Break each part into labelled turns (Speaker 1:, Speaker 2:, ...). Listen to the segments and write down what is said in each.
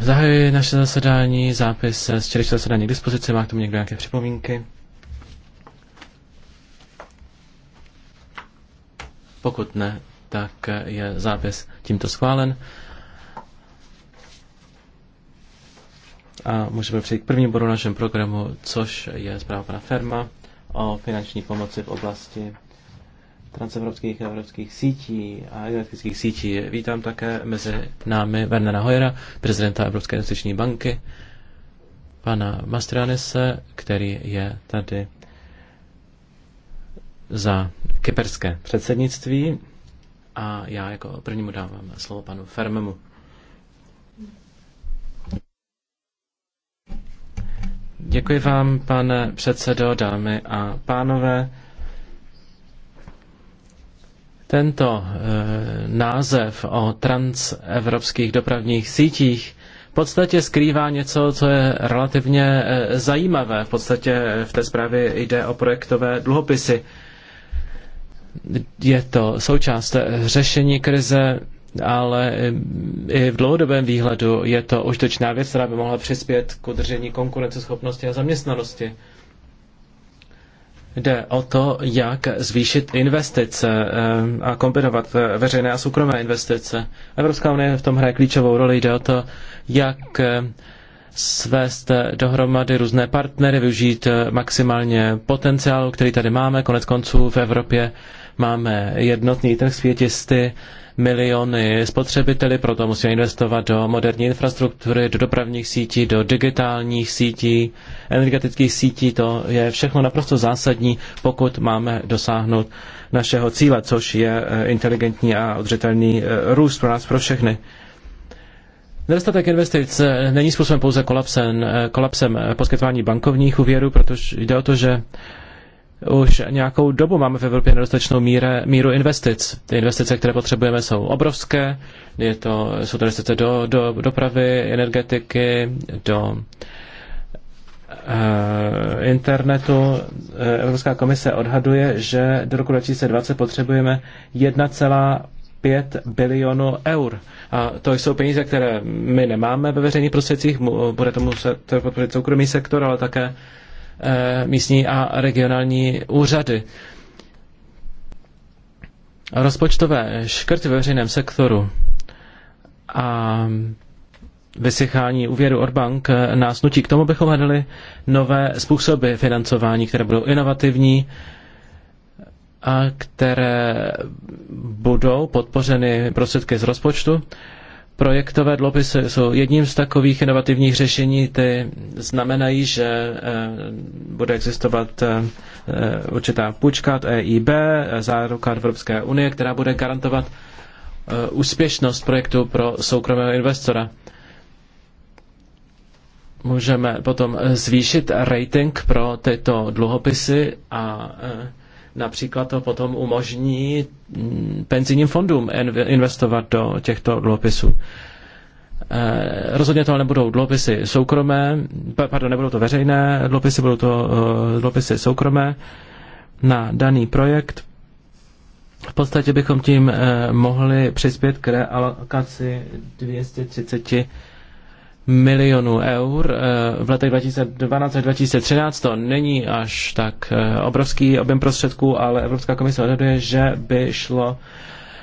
Speaker 1: Zahajuji naše zasedání, zápis z včerejšího zasedání k dispozici. Má k tomu někdo nějaké připomínky? Pokud ne, tak je zápis tímto schválen. A můžeme přejít k prvnímu bodu našem programu, což je zpráva pana Ferma o finanční pomoci v oblasti transevropských a evropských sítí a energetických sítí. Vítám také mezi námi Wernera Hojera, prezidenta Evropské investiční banky, pana Mastranese, který je tady za kyperské předsednictví a já jako prvnímu dávám slovo panu Fermemu. Děkuji vám, pane předsedo, dámy a pánové. Tento eh, název o transevropských dopravních sítích v podstatě skrývá něco, co je relativně eh, zajímavé. V podstatě eh, v té zprávě jde o projektové dluhopisy. Je to součást řešení krize, ale i v dlouhodobém výhledu je to užitečná věc, která by mohla přispět k udržení konkurenceschopnosti a zaměstnanosti. Jde o to, jak zvýšit investice eh, a kombinovat eh, veřejné a soukromé investice. Evropská unie v tom hraje klíčovou roli. Jde o to, jak eh, svést dohromady různé partnery, využít maximálně potenciálu, který tady máme. Konec konců v Evropě máme jednotný trh s pětisty miliony spotřebiteli, proto musíme investovat do moderní infrastruktury, do dopravních sítí, do digitálních sítí, energetických sítí. To je všechno naprosto zásadní, pokud máme dosáhnout našeho cíle, což je eh, inteligentní a udržitelný eh, růst pro nás, pro všechny. Nedostatek investic eh, není způsoben pouze kolapsem, kolapsem poskytování bankovních úvěrů, protože jde o to, že už nějakou dobu máme v Evropě nedostatečnou míre, míru investic. Ty investice, které potřebujeme, jsou obrovské. Je to, jsou to investice do, do dopravy, energetiky, do e, internetu. Eh, Evropská komise odhaduje, že do roku 2020 potřebujeme 1,5 bilionu eur. A to jsou peníze, které my nemáme ve veřejných prostředcích, bude to muset podpořit soukromý sektor, ale také Eh, místní a regionální úřady. Rozpočtové škrty ve veřejném sektoru a vysychání úvěru od bank nás nutí k tomu, bychom hledali nové způsoby financování, které budou inovativní a které budou podpořeny prostředky z rozpočtu Projektové dluhopisy jsou jedním z takových inovativních řešení. Ty znamenají, že eh, bude existovat eh, eh, určitá půjčka od EIB, záruka Evropské unie, která bude garantovat úspěšnost projektu pro soukromého investora. Můžeme potom zvýšit rating pro tyto dluhopisy a Například to potom umožní mm, penzijním fondům investovat do těchto dluhopisů. Eh, rozhodně to ale nebudou dluhopisy soukromé, pardon, nebudou to veřejné dluhopisy, budou to eh, dluhopisy soukromé na daný projekt. V podstatě bychom tím eh, mohli přispět k realokaci 230 milionů eur. Eh, v letech 2012 a 2013 to není až tak eh, obrovský objem prostředků, ale Evropská komise odhaduje, že by šlo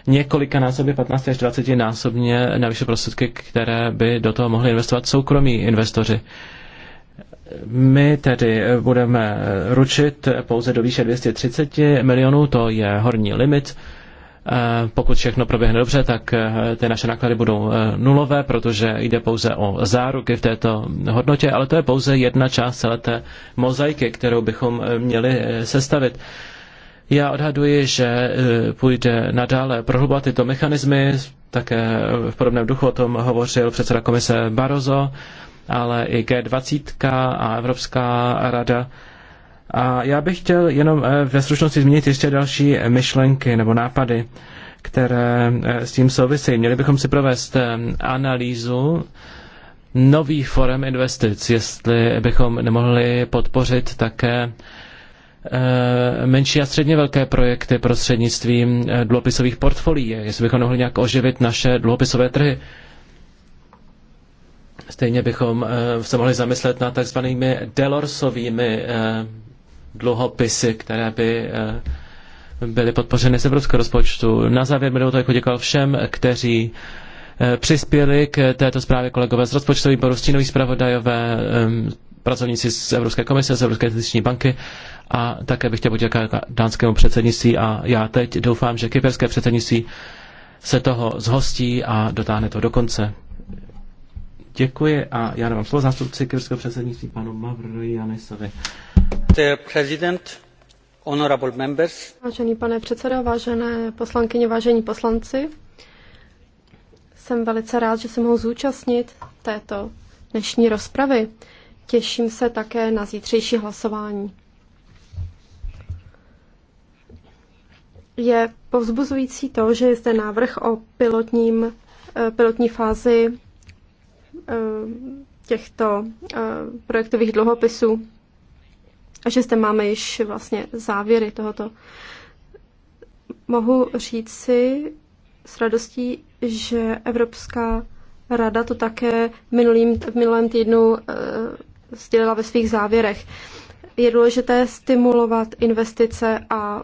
Speaker 1: několika násobně, 15 až 20 násobně na vyšší prostředky, které by do toho mohli investovat soukromí investoři. My tedy budeme ručit pouze do výše 230 milionů, to je horní limit. Eh, pokud všechno proběhne dobře, tak eh, ty naše náklady budou eh, nulové, protože jde pouze o záruky v této hodnotě, ale to je pouze jedna část celé té mozaiky, kterou bychom měli sestavit. Já odhaduji, že půjde nadále prohlubovat tyto mechanismy, také v podobném duchu o tom hovořil předseda komise Barroso, ale i G20 a Evropská rada a já bych chtěl jenom eh, ve stručnosti zmínit ještě další myšlenky nebo nápady, které eh, s tím souvisejí. Měli bychom si provést eh, analýzu nových forem investic, jestli bychom nemohli podpořit také menší a středně velké projekty prostřednictvím dluhopisových portfolií, jestli bychom mohli nějak oživit naše dluhopisové trhy. Stejně bychom se mohli zamyslet nad takzvanými Delorsovými dluhopisy, které by eh, byly podpořeny z evropského rozpočtu. Na závěr mi to jako děkoval všem, kteří eh, přispěli k této zprávě kolegové z rozpočtových výboru, stínoví zpravodajové, eh, pracovníci z Evropské komise, z Evropské investiční banky a také bych chtěl poděkovat dánskému předsednictví a já teď doufám, že kyperské předsednictví se toho zhostí a dotáhne to do konce. Děkuji a já dávám slovo zástupci kyperského předsednictví panu Mavrianisovi.
Speaker 2: Vážený pane předsedo, vážené poslankyně, vážení poslanci, jsem velice rád, že se mohu zúčastnit této dnešní rozpravy. Těším se také na zítřejší hlasování. Je povzbuzující to, že je zde návrh o pilotním, eh, pilotní fázi eh, těchto eh, projektových dluhopisů a že zde máme již vlastně závěry tohoto. Mohu říct si s radostí, že Evropská rada to také minulým, v minulém týdnu e, sdělila ve svých závěrech. Je důležité stimulovat investice a e,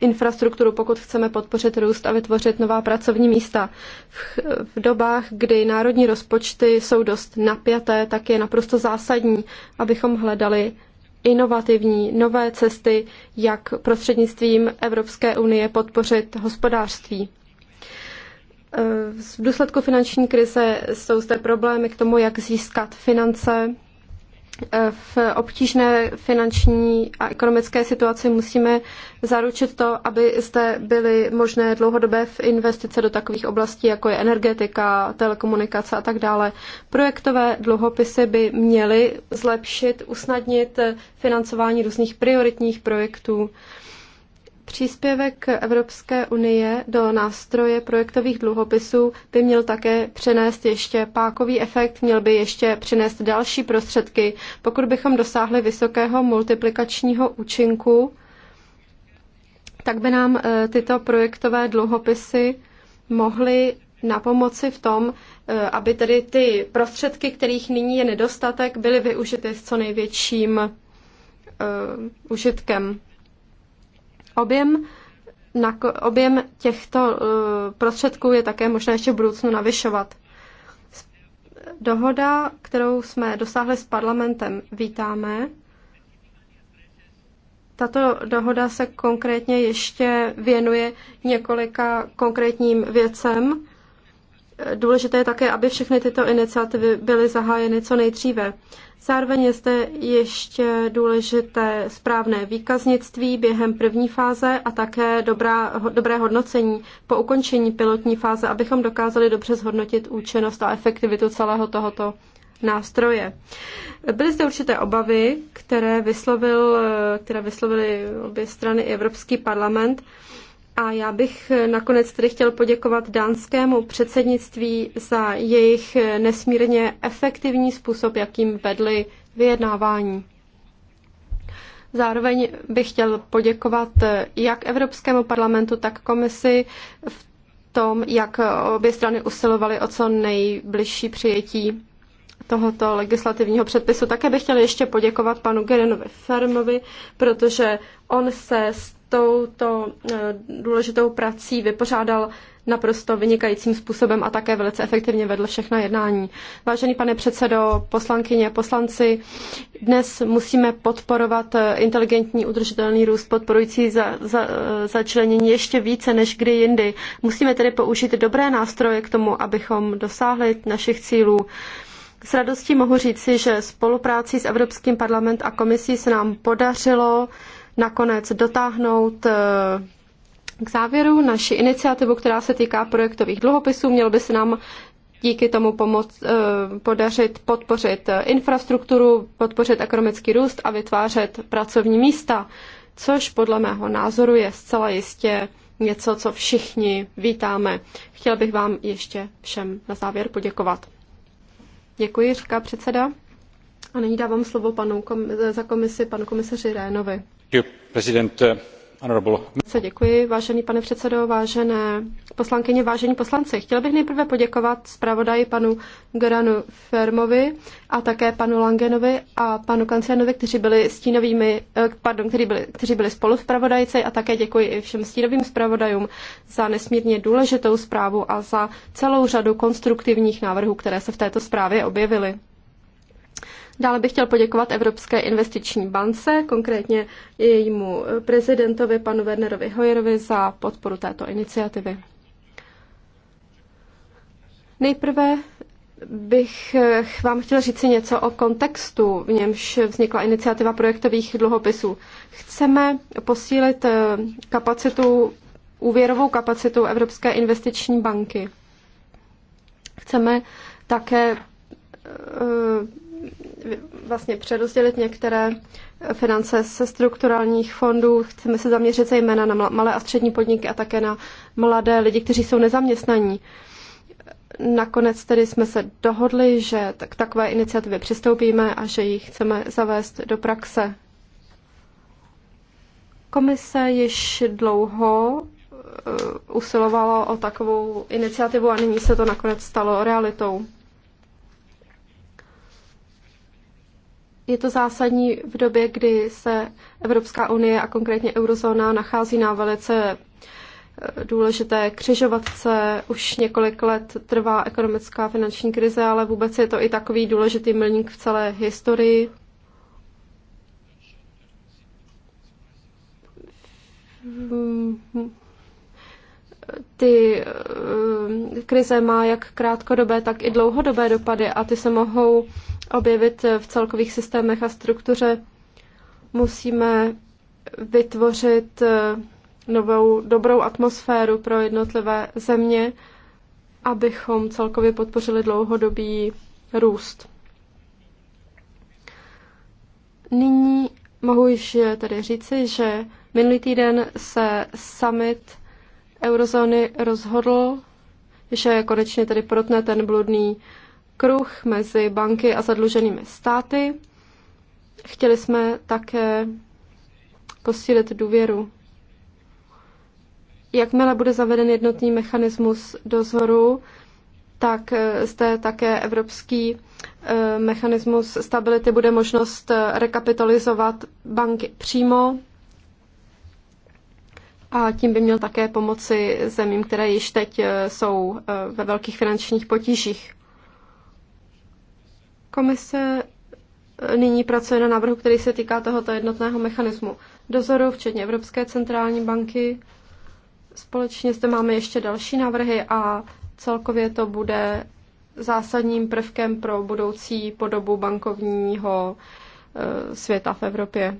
Speaker 2: infrastrukturu, pokud chceme podpořit růst a vytvořit nová pracovní místa. V, v dobách, kdy národní rozpočty jsou dost napjaté, tak je naprosto zásadní, abychom hledali inovativní, nové cesty, jak prostřednictvím Evropské unie podpořit hospodářství. E, v důsledku finanční krize jsou zde problémy k tomu, jak získat finance v obtížné finanční a ekonomické situaci musíme zaručit to, aby zde byly možné dlouhodobé investice do takových oblastí, jako je energetika, telekomunikace a tak dále. Projektové dluhopisy by měly zlepšit, usnadnit financování různých prioritních projektů. Příspěvek Evropské unie do nástroje projektových dluhopisů by měl také přinést ještě pákový efekt, měl by ještě přinést další prostředky, pokud bychom dosáhli vysokého multiplikačního účinku tak by nám eh, tyto projektové dluhopisy mohly na pomoci v tom, eh, aby tedy ty prostředky, kterých nyní je nedostatek, byly využity s co největším uh, užitkem. Objem, objem těchto eh, prostředků je také možné ještě v budoucnu navyšovat. Dohoda, kterou jsme dosáhli s parlamentem, vítáme. Tato dohoda se konkrétně ještě věnuje několika konkrétním věcem. Důležité je také, aby všechny tyto iniciativy byly zahájeny co nejdříve. Zároveň je zde ještě důležité správné výkaznictví během první fáze a také dobrá, dobré hodnocení po ukončení pilotní fáze, abychom dokázali dobře zhodnotit účinnost a efektivitu celého tohoto nástroje. Byly zde určité obavy, které, vyslovil, které vyslovily obě strany Evropský parlament. A já bych eh, nakonec tedy chtěl poděkovat dánskému předsednictví za jejich eh, nesmírně efektivní způsob, jakým vedli vyjednávání. Zároveň bych chtěl poděkovat eh, jak Evropskému parlamentu, tak komisi v tom, jak obě strany usilovaly o co nejbližší přijetí tohoto legislativního předpisu. Také bych chtěl ještě poděkovat panu Gerenovi Fermovi, protože on se touto eh, důležitou prací vypořádal naprosto vynikajícím způsobem a také velice efektivně vedl všechna jednání. Vážený pane předsedo, poslankyně, poslanci, dnes musíme podporovat eh, inteligentní udržitelný růst podporující za, za, eh, začlenění ještě více než kdy jindy. Musíme tedy použít dobré nástroje k tomu, abychom dosáhli našich cílů. S radostí mohu říci, že spolupráci s Evropským parlament a komisí se nám podařilo uh, nakonec dotáhnout eh, k závěru naši iniciativu, která se týká projektových dluhopisů. Měl by se nám díky tomu pomoc, eh, podařit podpořit eh, infrastrukturu, podpořit ekonomický růst a vytvářet pracovní místa, což podle mého názoru je zcela jistě něco, co všichni vítáme. Chtěl bych vám ještě všem na závěr poděkovat. Děkuji, říká předseda. A nyní dávám slovo panu kom- za komisi panu komisaři Rénovi. Děkuji, vážený pane předsedající vážené poslankyně, vážení poslanci. Chtěl bych nejprve poděkovat zpravodaji panu Goranu Fermovi a také panu Langenovi a panu Kancianovi, kteří byli stínovými, eh, pardon, kteří byli, spolu a také děkuji i všem stínovým zpravodajům za nesmírně důležitou zprávu a za celou řadu konstruktivních návrhů, které se v této zprávě objevily. Dále bych chtěl poděkovat Evropské investiční bance, konkrétně jejímu prezidentovi, panu Wernerovi Hojerovi, za podporu této iniciativy. Nejprve bych eh, vám chtěl říci něco o kontextu, v němž vznikla iniciativa projektových dluhopisů. Chceme posílit eh, kapacitu, úvěrovou kapacitu Evropské investiční banky. Chceme také eh, vlastně přerozdělit některé finance ze strukturálních fondů. Chceme se zaměřit zejména na malé a střední podniky a také na mladé lidi, kteří jsou nezaměstnaní. Nakonec tedy jsme se dohodli, že k takové iniciativě přistoupíme a že ji chceme zavést do praxe. Komise již dlouho eh, usilovala o takovou iniciativu a nyní se to nakonec stalo realitou. Je to zásadní v době, kdy se Evropská unie a konkrétně eurozóna nachází na velice eh, důležité křižovatce. Už několik let trvá ekonomická finanční krize, ale vůbec je to i takový důležitý milník v celé historii ty eh, krize má jak krátkodobé, tak i dlouhodobé dopady a ty se mohou objevit v celkových systémech a struktuře. Musíme vytvořit eh, novou dobrou atmosféru pro jednotlivé země, abychom celkově podpořili dlouhodobý růst. Nyní mohu již eh, tedy říci, že minulý týden se summit eurozóny rozhodl, že konečně tedy protne ten bludný kruh mezi banky a zadluženými státy. Chtěli jsme také posílit důvěru. Jakmile bude zaveden jednotný mechanismus dozoru, tak eh, zde také evropský eh, mechanismus stability bude možnost eh, rekapitalizovat banky přímo a tím by měl také pomoci zemím, které již teď e, jsou e, ve velkých finančních potížích. Komise e, nyní pracuje na návrhu, který se týká tohoto jednotného mechanismu dozoru, včetně Evropské centrální banky. Společně zde máme ještě další návrhy a celkově to bude zásadním prvkem pro budoucí podobu bankovního světa v Evropě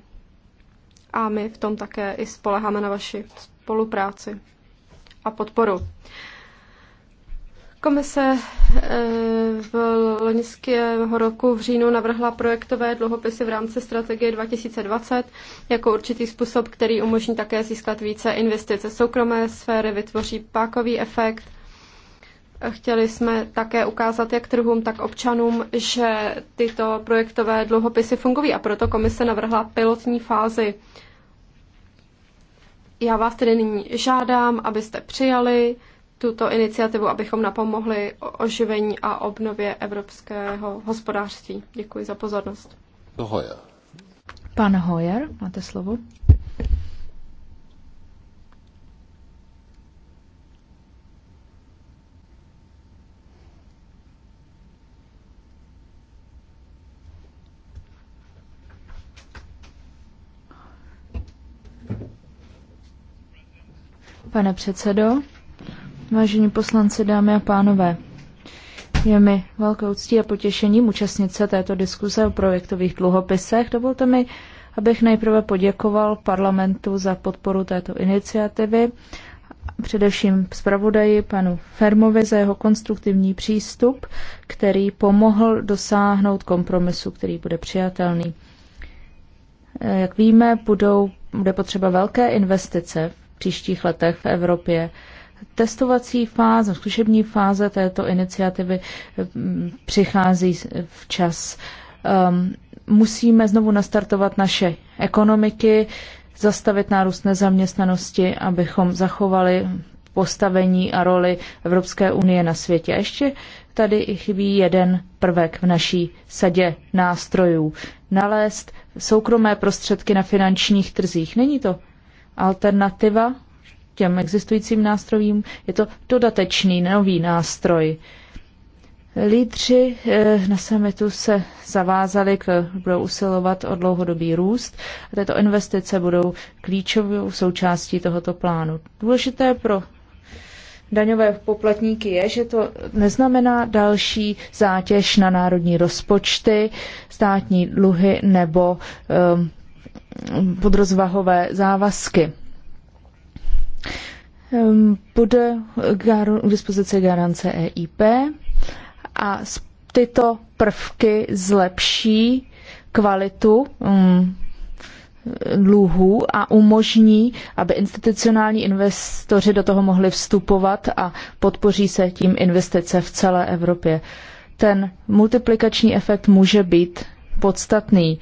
Speaker 2: a my v tom také i spoleháme na vaši spolupráci a podporu. Komise eh, v loňského roku v říjnu navrhla projektové dluhopisy v rámci strategie 2020 jako určitý způsob, který umožní také získat více investice soukromé sféry, vytvoří pákový efekt Chtěli jsme také ukázat jak trhům, tak občanům, že tyto projektové dluhopisy fungují a proto komise navrhla pilotní fázi. Já vás tedy nyní žádám, abyste přijali tuto iniciativu, abychom napomohli oživení a obnově evropského hospodářství. Děkuji za pozornost.
Speaker 3: Pan Hoyer, máte slovo. pane předsedo. Vážení poslanci, dámy a pánové, je mi velkou ctí a potěšením účastnit se této diskuze o projektových dluhopisech. Dovolte mi, abych nejprve poděkoval parlamentu za podporu této iniciativy, především zpravodaji panu Fermovi za jeho konstruktivní přístup, který pomohl dosáhnout kompromisu, který bude přijatelný. Jak víme, budou, bude potřeba velké investice příštích letech v Evropě. Testovací fáze, zkušební fáze této iniciativy mm, přichází včas. Um, ehm, musíme znovu nastartovat naše ekonomiky, zastavit nárůst nezaměstnanosti, abychom zachovali postavení a roli Evropské unie na světě. A ještě tady chybí jeden prvek v naší sadě nástrojů. Nalézt soukromé prostředky na finančních trzích. Není to Alternativa těm existujícím nástrojům je to dodatečný nový nástroj. Lídři eh, na summitu se zavázali, k, budou usilovat o dlouhodobý růst a této investice budou klíčovou součástí tohoto plánu. Důležité pro daňové poplatníky je, že to neznamená další zátěž na národní rozpočty, státní dluhy nebo um, podrozvahové závazky. Ehm, bude k dispozici garance EIP a tyto prvky zlepší kvalitu ehm, dluhů a umožní, aby institucionální investoři do toho mohli vstupovat a podpoří se tím investice v celé Evropě. Ten multiplikační efekt může být podstatný.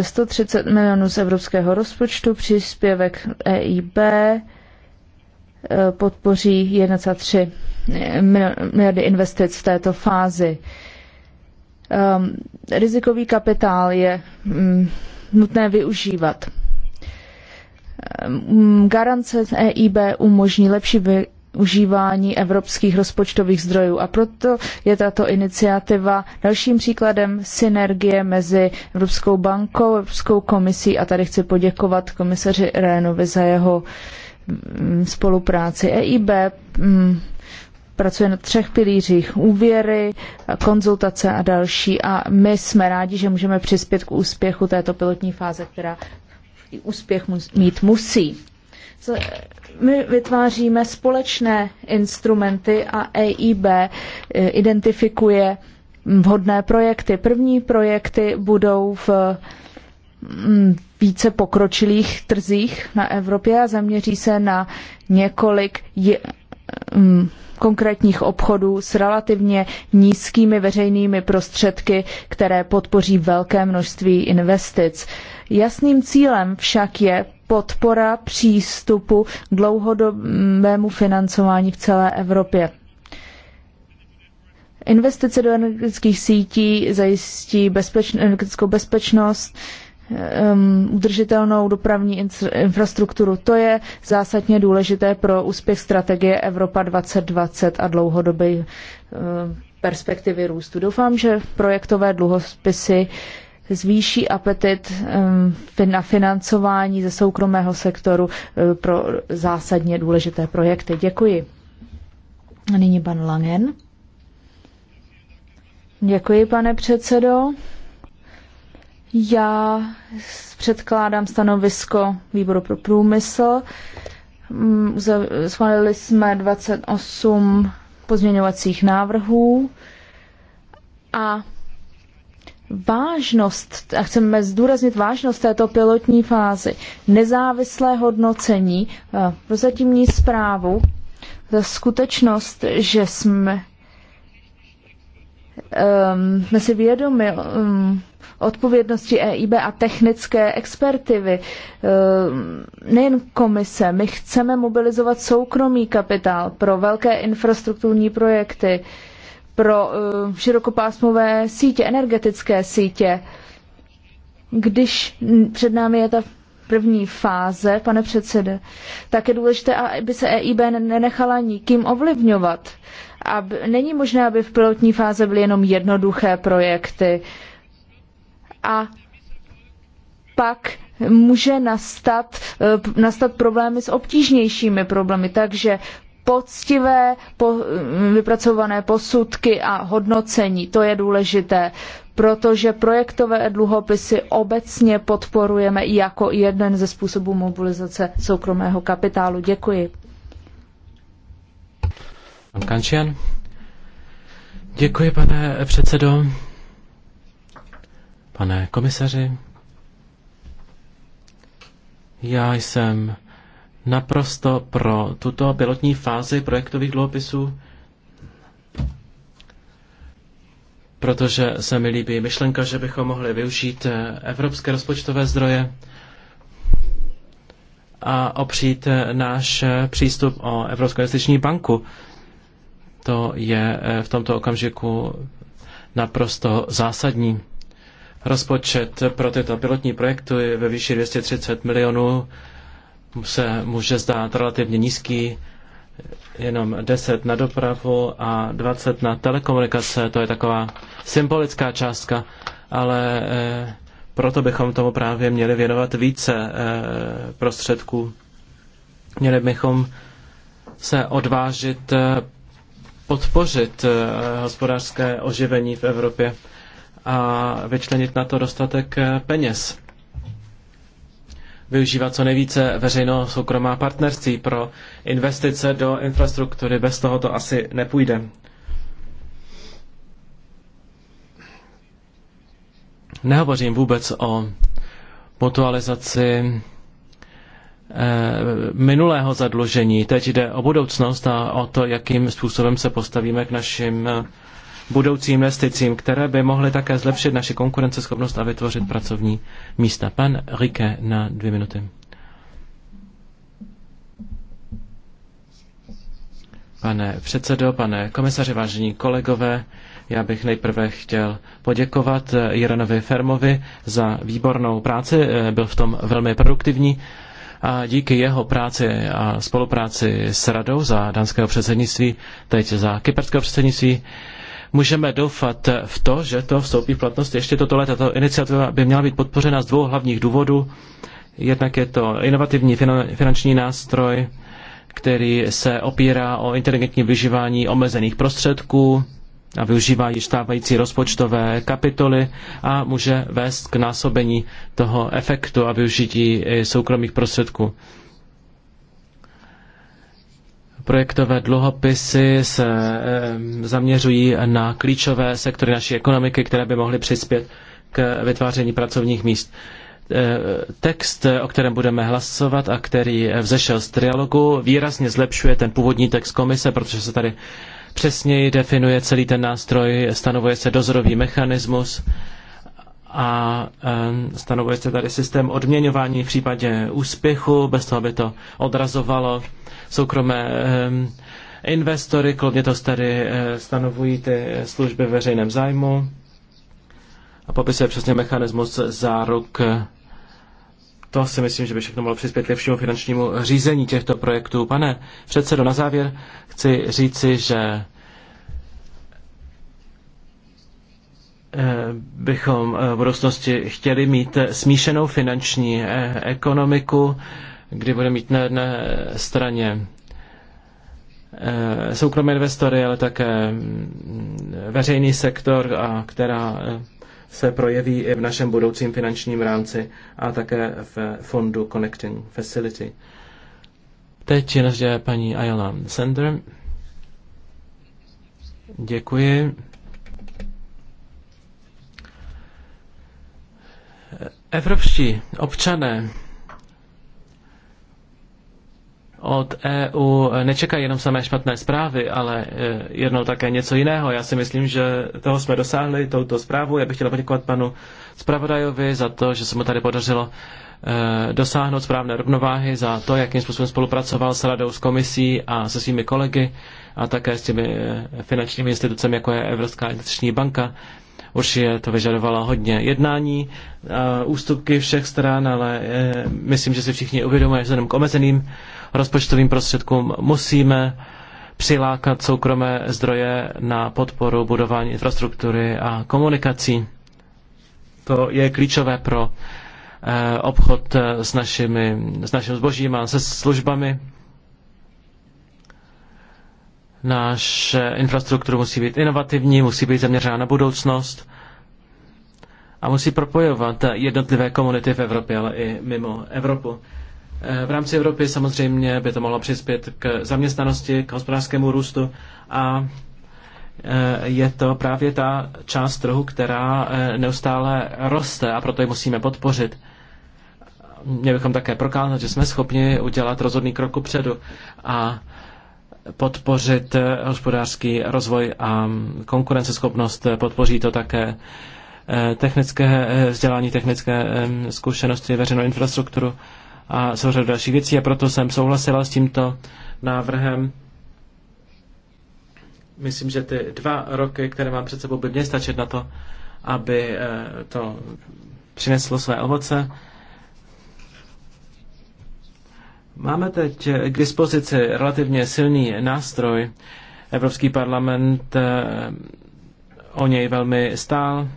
Speaker 3: 130 milionů z evropského rozpočtu, příspěvek EIB e, podpoří 1,3 miliardy investic v této fázi. Ehm, rizikový kapitál je mm, nutné využívat. Ehm, garance EIB umožní lepší užívání evropských rozpočtových zdrojů. A proto je tato iniciativa dalším příkladem synergie mezi Evropskou bankou, Evropskou komisí a tady chci poděkovat komisaři Rénovi za jeho mm, spolupráci EIB. Mm, pracuje na třech pilířích úvěry, konzultace a další a my jsme rádi, že můžeme přispět k úspěchu této pilotní fáze, která úspěch mít musí my vytváříme společné instrumenty a EIB eh, identifikuje vhodné projekty. První projekty budou v mm, více pokročilých trzích na Evropě a zaměří se na několik je, um, konkrétních obchodů s relativně nízkými veřejnými prostředky, které podpoří velké množství investic. Jasným cílem však je podpora přístupu k dlouhodobému financování v celé Evropě. Investice do energetických sítí zajistí bezpečn- energetickou bezpečnost, um, udržitelnou dopravní infrastrukturu. To je zásadně důležité pro úspěch strategie Evropa 2020 a dlouhodobé uh, perspektivy růstu. Doufám, že projektové dluhopisy zvýší apetit na financování ze soukromého sektoru eh, pro zásadně důležité projekty. Děkuji. A nyní pan Langen. Děkuji, pane předsedo. Já předkládám stanovisko výboru pro průmysl. Mm, schválili jsme 28 pozměňovacích návrhů a vážnost, a chceme zdůraznit vážnost této pilotní fázy, nezávislé hodnocení, eh, prozatímní zprávu, skutečnost, že jsme, um, jsme si vědomi um, odpovědnosti EIB a technické expertivy, um, nejen komise. My chceme mobilizovat soukromý kapitál pro velké infrastrukturní projekty. Uh, pro eh, širokopásmové sítě, energetické sítě. Když před námi je ta první fáze, pane předsede, tak je důležité, aby se EIB nenechala nikým ovlivňovat. Aby, není možné, aby v pilotní fáze byly jenom jednoduché projekty. A pak může nastat, eh, nastat problémy s obtížnějšími problémy. Takže poctivé po, vypracované posudky a hodnocení. To je důležité, protože projektové dluhopisy obecně podporujeme jako jeden ze způsobů mobilizace soukromého kapitálu. Děkuji.
Speaker 1: Pan Kančian. Děkuji, pane předsedo. Pane komisaři. Já jsem naprosto pro tuto pilotní fázi projektových dluhopisů, protože se mi líbí myšlenka, že bychom mohli využít eh, evropské rozpočtové zdroje a opřít eh, náš eh, přístup o Evropskou investiční banku. To je v tomto okamžiku naprosto zásadní. Rozpočet pro tyto pilotní projekty ve výši 230 milionů se může zdát relativně nízký, jenom 10 na dopravu a 20 na telekomunikace, to je taková symbolická částka, ale eh, proto bychom tomu právě měli věnovat více eh, prostředků. Měli bychom se odvážit eh, podpořit hospodářské oživení v Evropě a vyčlenit na to dostatek peněz využívat co nejvíce veřejno soukromá partnerství pro investice do infrastruktury. Bez toho to asi nepůjde. Nehovořím vůbec o mutualizaci eh, minulého zadlužení. Teď jde o budoucnost a o to, jakým způsobem se postavíme k našim budoucím investicím, které by mohly také zlepšit naši konkurenceschopnost a vytvořit pracovní místa. Pan Rike na dvě minuty. Pane předsedo, pane komisaři, vážení kolegové, já bych nejprve chtěl poděkovat eh, Jiranovi Fermovi za výbornou práci, eh, byl v tom velmi produktivní a díky jeho práci a spolupráci s radou za danského předsednictví, teď za kyperského předsednictví, můžeme doufat v to, že to vstoupí v platnost ještě toto léto. Tato iniciativa by měla být podpořena z dvou hlavních důvodů. Jednak je to inovativní finanční nástroj, který se opírá o inteligentní využívání omezených prostředků a využívá již stávající rozpočtové kapitoly a může vést k násobení toho efektu a využití soukromých prostředků. Projektové dluhopisy se eh, zaměřují na klíčové sektory naší ekonomiky, které by mohly přispět k vytváření pracovních míst. Eh, text, o kterém budeme hlasovat a který vzešel z trialogu, výrazně zlepšuje ten původní text komise, protože se tady přesněji definuje celý ten nástroj, stanovuje se dozorový mechanismus a eh, stanovuje se tady systém odměňování v případě úspěchu, bez toho, aby to odrazovalo soukromé ehm, investory, kromě toho tady eh, stanovují ty služby veřejném zájmu a popisuje přesně mechanismus záruk. To si myslím, že by všechno mohlo přispět lepšímu finančnímu řízení těchto projektů. Pane předsedo, na závěr chci říci, že eh, bychom eh, v budoucnosti chtěli mít smíšenou finanční ekonomiku, kdy bude mít na jedné straně eh, soukromé investory, ale také mm, veřejný sektor, a která eh, se projeví i v našem budoucím finančním rámci a také v fondu Connecting Facility. Teď je nás paní Ayala Sender. Děkuji. Evropští občané od EU nečekají jenom samé špatné zprávy, ale e, jednou také něco jiného. Já si myslím, že toho jsme dosáhli, touto zprávu. Já bych chtěl poděkovat panu zpravodajovi za to, že se mu tady podařilo e, dosáhnout správné rovnováhy, za to, jakým způsobem spolupracoval s radou, s komisí a se svými kolegy a také s těmi e, finančními institucemi, jako je Evropská investiční banka určitě je to vyžadovalo hodně jednání, ústupky všech stran, ale eh, myslím, že si všichni uvědomují, že vzhledem k omezeným rozpočtovým prostředkům musíme přilákat soukromé zdroje na podporu budování infrastruktury a komunikací. To je klíčové pro eh, obchod eh, s, našimi, s naším zbožím a se službami Náš infrastruktura musí být inovativní, musí být zaměřená na budoucnost a musí propojovat jednotlivé komunity v Evropě, ale i mimo Evropu. Eh, v rámci Evropy samozřejmě by to mohlo přispět k zaměstnanosti, k hospodářskému růstu a eh, je to právě ta část trhu, která eh, neustále roste a proto ji musíme podpořit. Měli bychom také prokázat, že jsme schopni udělat rozhodný krok předu a podpořit eh, hospodářský rozvoj a mm, konkurenceschopnost. Eh, podpoří to také eh, technické vzdělání, technické mm, zkušenosti, veřejnou infrastrukturu a souřadu dalších věcí. A proto jsem souhlasila s tímto návrhem. Myslím, že ty dva roky, které mám před sebou, by mě stačit na to, aby to přineslo své ovoce. Máme teď k dispozici relativně silný nástroj. Evropský parlament eh, o něj velmi stál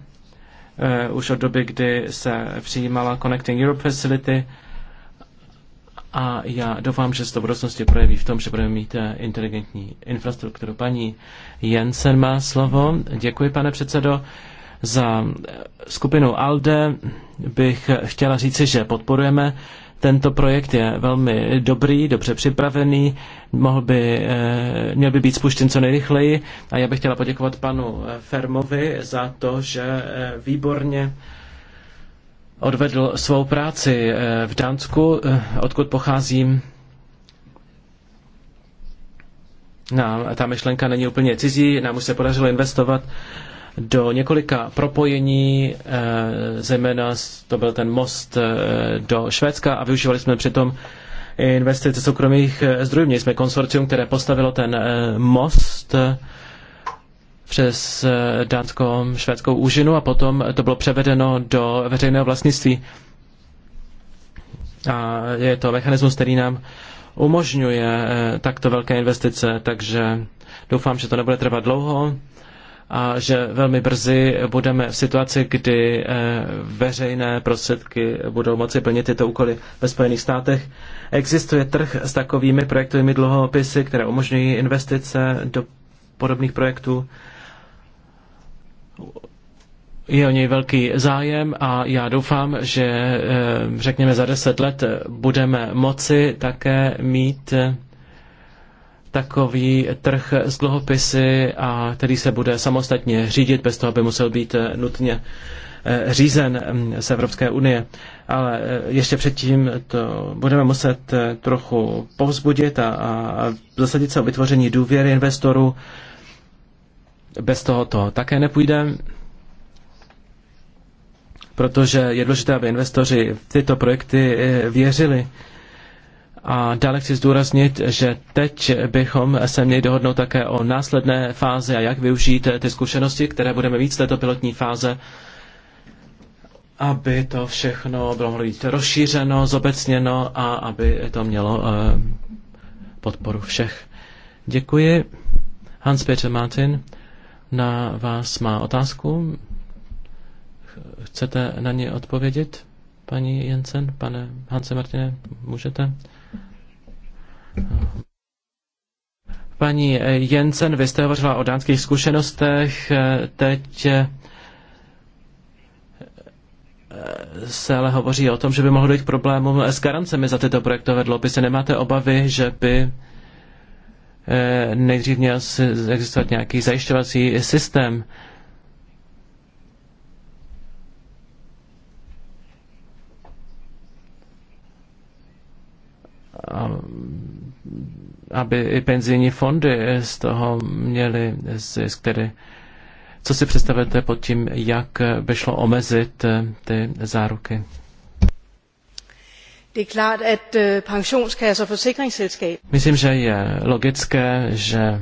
Speaker 1: eh, už od doby, kdy se přijímala Connecting Europe Facility a já doufám, že se to v budoucnosti projeví v tom, že budeme mít eh, inteligentní infrastrukturu. Paní Jensen má slovo. Děkuji, pane předsedo. Za skupinu ALDE bych chtěla říci, že podporujeme uh, tento projekt je velmi dobrý, dobře připravený, mohl by, eh, měl by být spuštěn co nejrychleji a já bych chtěla poděkovat panu eh, Fermovi za to, že eh, výborně odvedl svou práci v Dánsku, odkud pocházím. No, ta myšlenka není úplně cizí, nám už se podařilo investovat do několika propojení, eh, zejména to byl ten most eh, do Švédska a využívali jsme přitom investice soukromých eh, zdrojů. Měli jsme konsorcium, které postavilo ten most přes dánskou švédskou úžinu a potom to bylo převedeno do veřejného vlastnictví. A je to mechanismus, který nám umožňuje takto velké investice, takže doufám, že to nebude trvat dlouho a že velmi brzy budeme v situaci, kdy eh, veřejné prostředky budou moci plnit tyto úkoly ve Spojených státech. Existuje trh s takovými projektovými dluhopisy, které umožňují investice do podobných projektů. Je o něj velký zájem a já doufám, že eh, řekněme za deset let budeme moci také mít eh, takový trh s dluhopisy, a který se bude samostatně řídit bez toho, aby musel být eh, nutně eh, řízen mm, z Evropské unie. Ale eh, ještě předtím to budeme muset trochu povzbudit a, a zasadit se o vytvoření důvěry investorů. Bez toho to také nepůjde, protože je důležité, aby investoři v tyto projekty věřili. A dále chci zdůraznit, že teď bychom se měli dohodnout také o následné fázi a jak využít ty zkušenosti, které budeme mít z této pilotní fáze, aby to všechno bylo mohlo být rozšířeno, zobecněno a aby to mělo eh, podporu všech. Děkuji. Hans Peter Martin na vás má otázku. Chcete na ně odpovědět, paní Jensen, pane Hanse Martine, můžete? Paní Jensen, vy jste hovořila o dánských zkušenostech, teď eh, se ale hovoří o tom, že by mohlo dojít problémům s garancemi za tyto projektové dluhopisy. Nemáte obavy, že by eh, nejdřív měl existovat nějaký zajišťovací systém? A aby i penzijní fondy z toho měly zisk, tedy co si představujete pod tím, jak by šlo omezit eh, ty záruky?
Speaker 2: Er eh,
Speaker 1: Myslím, že je logické, že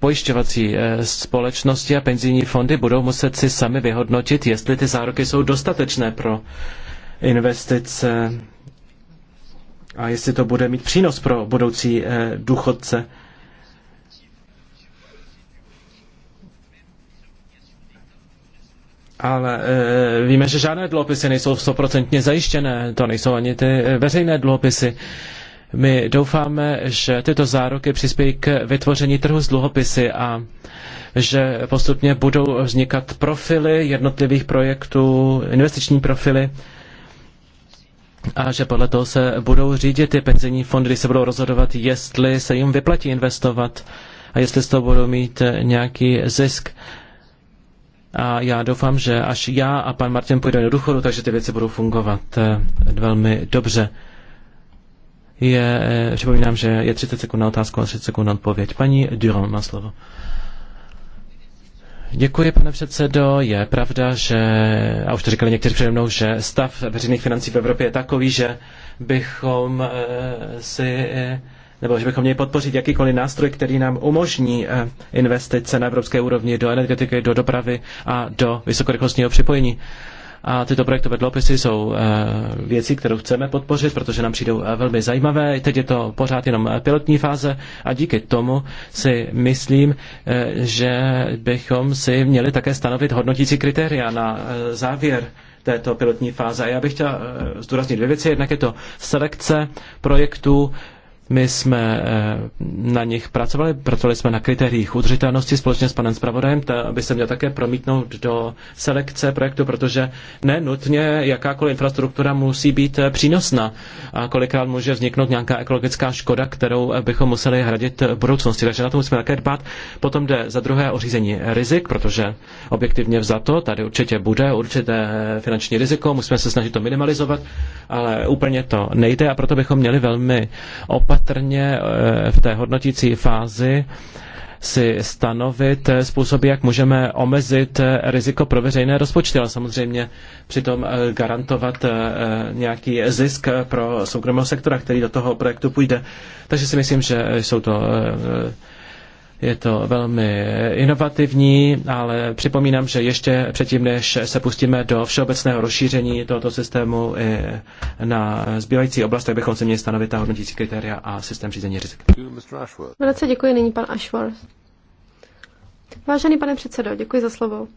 Speaker 1: pojišťovací eh, společnosti a penzijní fondy budou muset si sami vyhodnotit, jestli ty záruky jsou dostatečné pro investice a jestli to bude mít přínos pro budoucí eh, důchodce. Ale e, víme, že žádné dluhopisy nejsou stoprocentně zajištěné, to nejsou ani ty eh, veřejné dluhopisy. My doufáme, že tyto zároky přispějí k vytvoření trhu s dluhopisy a že postupně budou vznikat profily jednotlivých projektů, investiční profily. E, a že podle toho se budou řídit ty penzijní fondy, když se budou rozhodovat, jestli se jim vyplatí investovat a jestli z toho budou mít nějaký zisk. A já doufám, že až já a pan Martin půjdeme do důchodu, takže ty věci budou fungovat eh, velmi dobře. Je, eh, připomínám, že je 30 sekund na otázku a 30 sekund na odpověď. Paní Durand má slovo. Děkuji, pane předsedo. Je pravda, že, a už to říkali někteří přede mnou, že stav veřejných financí v Evropě je takový, že bychom eh, si eh, nebo že bychom měli podpořit jakýkoliv nástroj, který nám umožní eh, investice na evropské úrovni do energetiky, do dopravy a do vysokorychlostního připojení. A tyto projektové dluhopisy jsou eh, věci, kterou chceme podpořit, protože nám přijdou eh, velmi zajímavé. Teď je to pořád jenom eh, pilotní fáze a díky tomu si myslím, že bychom si měli také stanovit hodnotící kritéria na závěr této pilotní fáze. A já bych chtěl zdůraznit dvě věci. Jednak je to selekce projektů, my jsme eh, na nich pracovali, pracovali jsme na kritériích udržitelnosti společně s panem zpravodajem, aby se měl také promítnout do selekce projektu, protože nenutně jakákoliv infrastruktura musí být eh, přínosná a kolikrát může vzniknout nějaká ekologická škoda, kterou eh, bychom museli hradit v budoucnosti. Takže na to musíme také dbát. Potom jde za druhé o řízení rizik, protože objektivně za to tady určitě bude určité finanční riziko, musíme se snažit to minimalizovat, ale úplně to nejde a proto bychom měli velmi opatrně opatrně eh, v té hodnotící fázi si stanovit eh, způsoby, jak můžeme omezit eh, riziko pro veřejné rozpočty, ale samozřejmě přitom garantovat nějaký zisk pro soukromého sektora, který do toho projektu půjde. Takže si myslím, že jsou to je to velmi inovativní, ale připomínám, že ještě předtím, než se pustíme do všeobecného rozšíření tohoto systému i na zbývající tak bychom si měli stanovit ta hodnotící kritéria a systém řízení rizik.
Speaker 2: Velice děkuji, nyní pan Ashworth. Vážený pane předsedo, děkuji za slovo.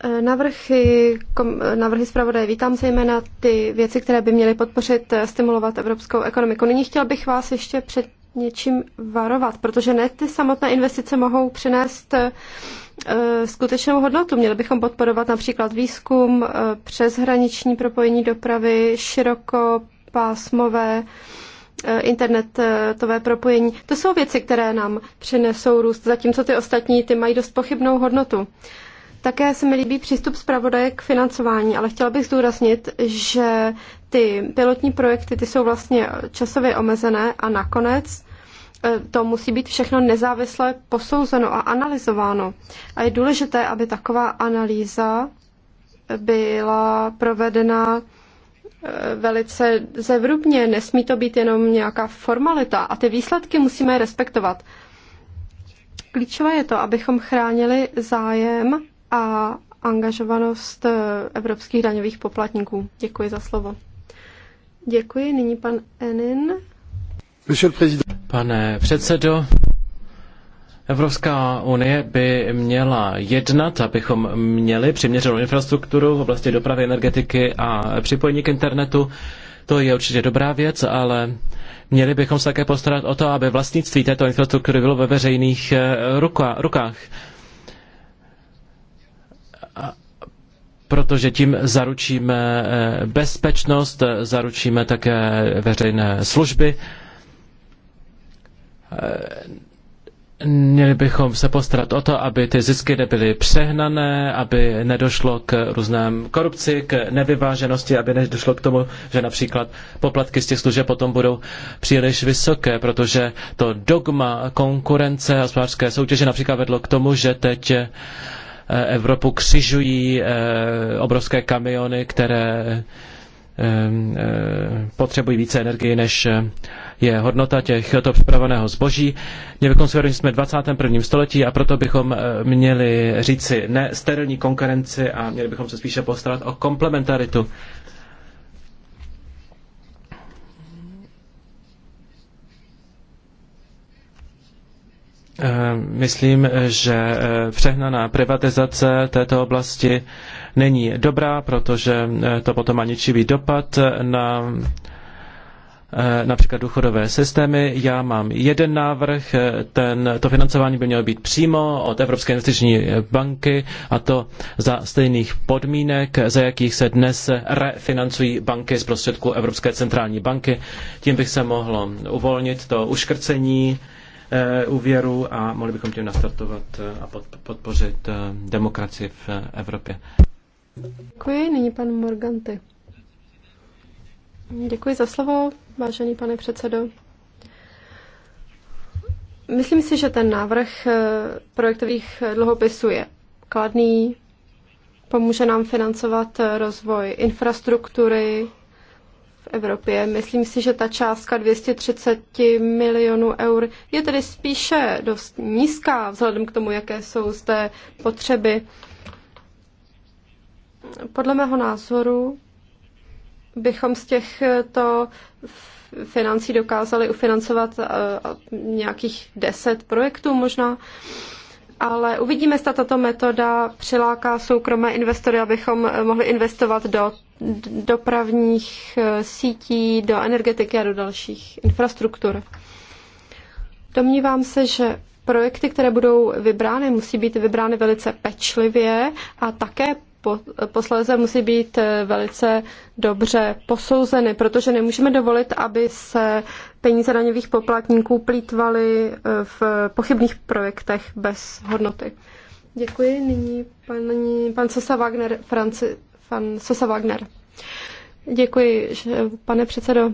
Speaker 2: E, navrhy, kom, navrhy zpravodaje vítám zejména ty věci, které by měly podpořit, e, stimulovat evropskou ekonomiku. Nyní chtěl bych vás ještě před, něčím varovat, protože ne ty samotné investice mohou přinést eh, skutečnou hodnotu. Měli bychom podporovat například výzkum, eh, přeshraniční propojení dopravy, širokopásmové eh, internetové propojení. To jsou věci, které nám přinesou růst, zatímco ty ostatní ty mají dost pochybnou hodnotu. Také se mi líbí přístup zpravodaje k financování, ale chtěla bych zdůraznit, že ty pilotní projekty ty jsou vlastně časově omezené a nakonec E, to musí být všechno nezávisle posouzeno a analyzováno. A je důležité, aby taková analýza byla provedena e, velice zevrubně. Nesmí to být jenom nějaká formalita a ty výsledky musíme respektovat. Klíčové je to, abychom chránili zájem a angažovanost e, evropských daňových poplatníků. Děkuji za slovo. Děkuji. Nyní pan Enin.
Speaker 1: Pane předsedo, Evropská unie by měla jednat, abychom měli přiměřenou infrastrukturu v oblasti dopravy, energetiky a připojení k internetu. To je určitě dobrá věc, ale měli bychom se také postarat o to, aby vlastnictví této infrastruktury bylo ve veřejných eh, rukách. Protože tím zaručíme eh, bezpečnost, zaručíme také veřejné služby. Měli bychom se postarat o to, aby ty zisky nebyly přehnané, aby nedošlo k různém korupci, k nevyváženosti, aby nedošlo k tomu, že například poplatky z těch služeb potom budou příliš vysoké, protože to dogma konkurence a hospodářské soutěže například vedlo k tomu, že teď eh, Evropu křižují eh, obrovské kamiony, které Ehm, ehm, potřebují více energie, než eh, je hodnota těch to připraveného zboží. Mě bychom že jsme v 21. století a proto bychom eh, měli říci ne sterilní konkurenci a měli bychom se spíše postarat o komplementaritu. Ehm, myslím, že eh, přehnaná privatizace této oblasti není dobrá, protože eh, to potom má ničivý dopad na eh, například důchodové systémy. Já mám jeden návrh, eh, ten, to financování by mělo být přímo od Evropské investiční banky a to za stejných podmínek, za jakých se dnes refinancují banky z prostředků Evropské centrální banky. Tím bych se mohlo uvolnit to uškrcení e, úvěru a mohli bychom tím nastartovat a podpořit demokracii v Evropě.
Speaker 2: Děkuji, nyní pan Morganty. Děkuji za slovo, vážený pane předsedo. Myslím si, že ten návrh eh, projektových dluhopisů je kladný, pomůže nám financovat eh, rozvoj infrastruktury v Evropě. Myslím si, že ta částka 230 milionů eur je tedy spíše dost nízká vzhledem k tomu, jaké jsou zde potřeby. Podle mého názoru bychom z těchto financí dokázali ufinancovat eh, nějakých deset projektů možná, ale uvidíme, zda tato metoda přiláká soukromé investory, abychom eh, mohli investovat do dopravních eh, sítí, do energetiky a do dalších infrastruktur. Domnívám se, že projekty, které budou vybrány, musí být vybrány velice pečlivě a také posléze musí být eh, velice dobře posouzeny, protože nemůžeme dovolit, aby se peníze daňových poplatníků plítvaly eh, v pochybných projektech bez hodnoty. Děkuji. Nyní paní, pan Sosa Wagner, Franci, pan Sosa Wagner. Děkuji, že, pane předsedo.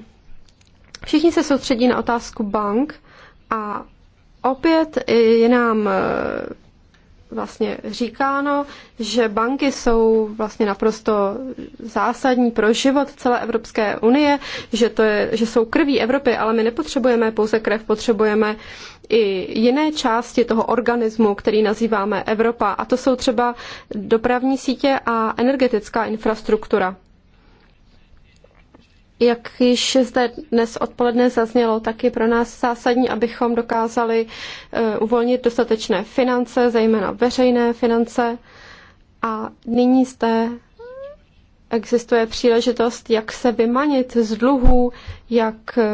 Speaker 2: Všichni se soustředí na otázku bank a opět je nám eh, vlastně říkáno, že banky jsou vlastně naprosto zásadní pro život celé Evropské unie, že, to je, že jsou krví Evropy, ale my nepotřebujeme pouze krev, potřebujeme i jiné části toho organismu, který nazýváme Evropa, a to jsou třeba dopravní sítě a energetická infrastruktura. Jak již zde dnes odpoledne zaznělo, tak je pro nás zásadní, abychom dokázali eh, uvolnit dostatečné finance, zejména veřejné finance. A nyní zde existuje příležitost, jak se vymanit z dluhů, jak eh,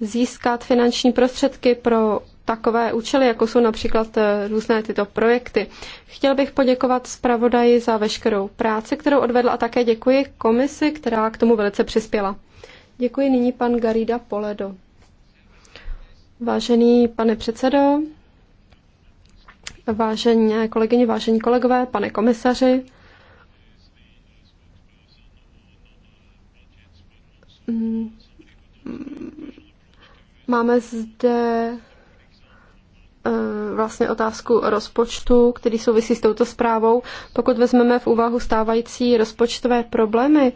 Speaker 2: získat finanční prostředky pro takové účely, jako jsou například eh, různé tyto projekty. Chtěl bych poděkovat zpravodaji za veškerou práci, kterou odvedla a také děkuji komisi, která k tomu velice přispěla. Děkuji nyní pan Garida Poledo. Vážený pane předsedo, vážené kolegyně, vážení kolegové, pane komisaři, máme zde eh, vlastně otázku rozpočtu, který souvisí s touto zprávou. Pokud vezmeme v úvahu stávající rozpočtové problémy,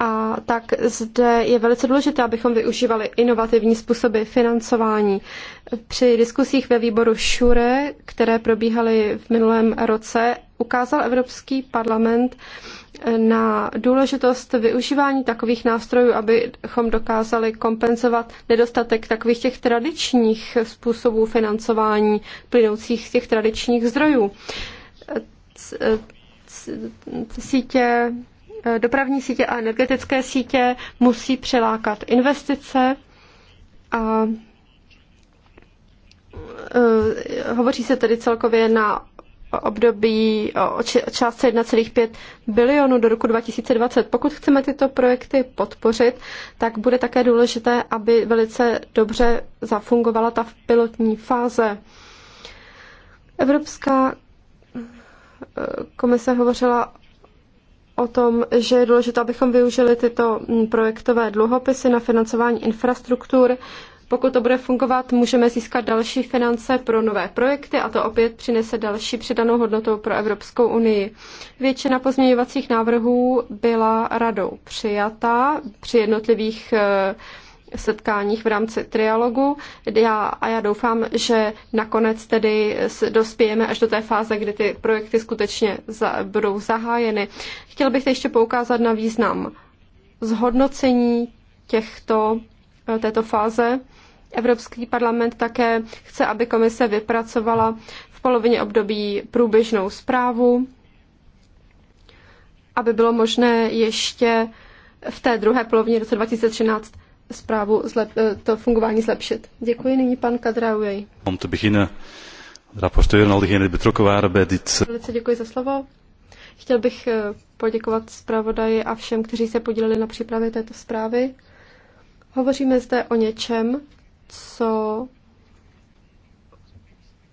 Speaker 2: a tak zde je velice důležité, abychom využívali inovativní způsoby financování. Při diskusích ve výboru ŠURE, které probíhaly v minulém roce, ukázal Evropský parlament eh, na důležitost využívání takových nástrojů, abychom dokázali kompenzovat nedostatek takových těch tradičních způsobů financování plynoucích z těch tradičních zdrojů. Eh, eh, sítě Eh, dopravní sítě a energetické sítě musí přilákat investice a eh, hovoří se tedy celkově na období o částce 1,5 bilionu do roku 2020. Pokud chceme tyto projekty podpořit, tak bude také důležité, aby velice dobře zafungovala ta pilotní fáze. Evropská eh, komise hovořila o tom, že je důležité, abychom využili tyto mm, projektové dluhopisy na financování infrastruktur. Pokud to bude fungovat, můžeme získat další finance pro nové projekty a to opět přinese další přidanou hodnotu pro Evropskou unii. Většina pozměňovacích návrhů byla radou přijata při jednotlivých uh, setkáních v rámci trialogu já, a já doufám, že nakonec tedy dospějeme až do té fáze, kdy ty projekty skutečně za, budou zahájeny. Chtěl bych ještě poukázat na význam zhodnocení těchto, eh, této fáze. Evropský parlament také chce, aby komise vypracovala v polovině období průběžnou zprávu, aby bylo možné ještě v té druhé polovině roce 2013 zprávu, zlep, eh, to fungování zlepšit. Děkuji nyní pan Kadraujej. Mám to bych Velice děkuji za slovo. Chtěl bych eh, poděkovat zpravodaji a všem, kteří se podíleli na přípravě této zprávy. Hovoříme zde o něčem, co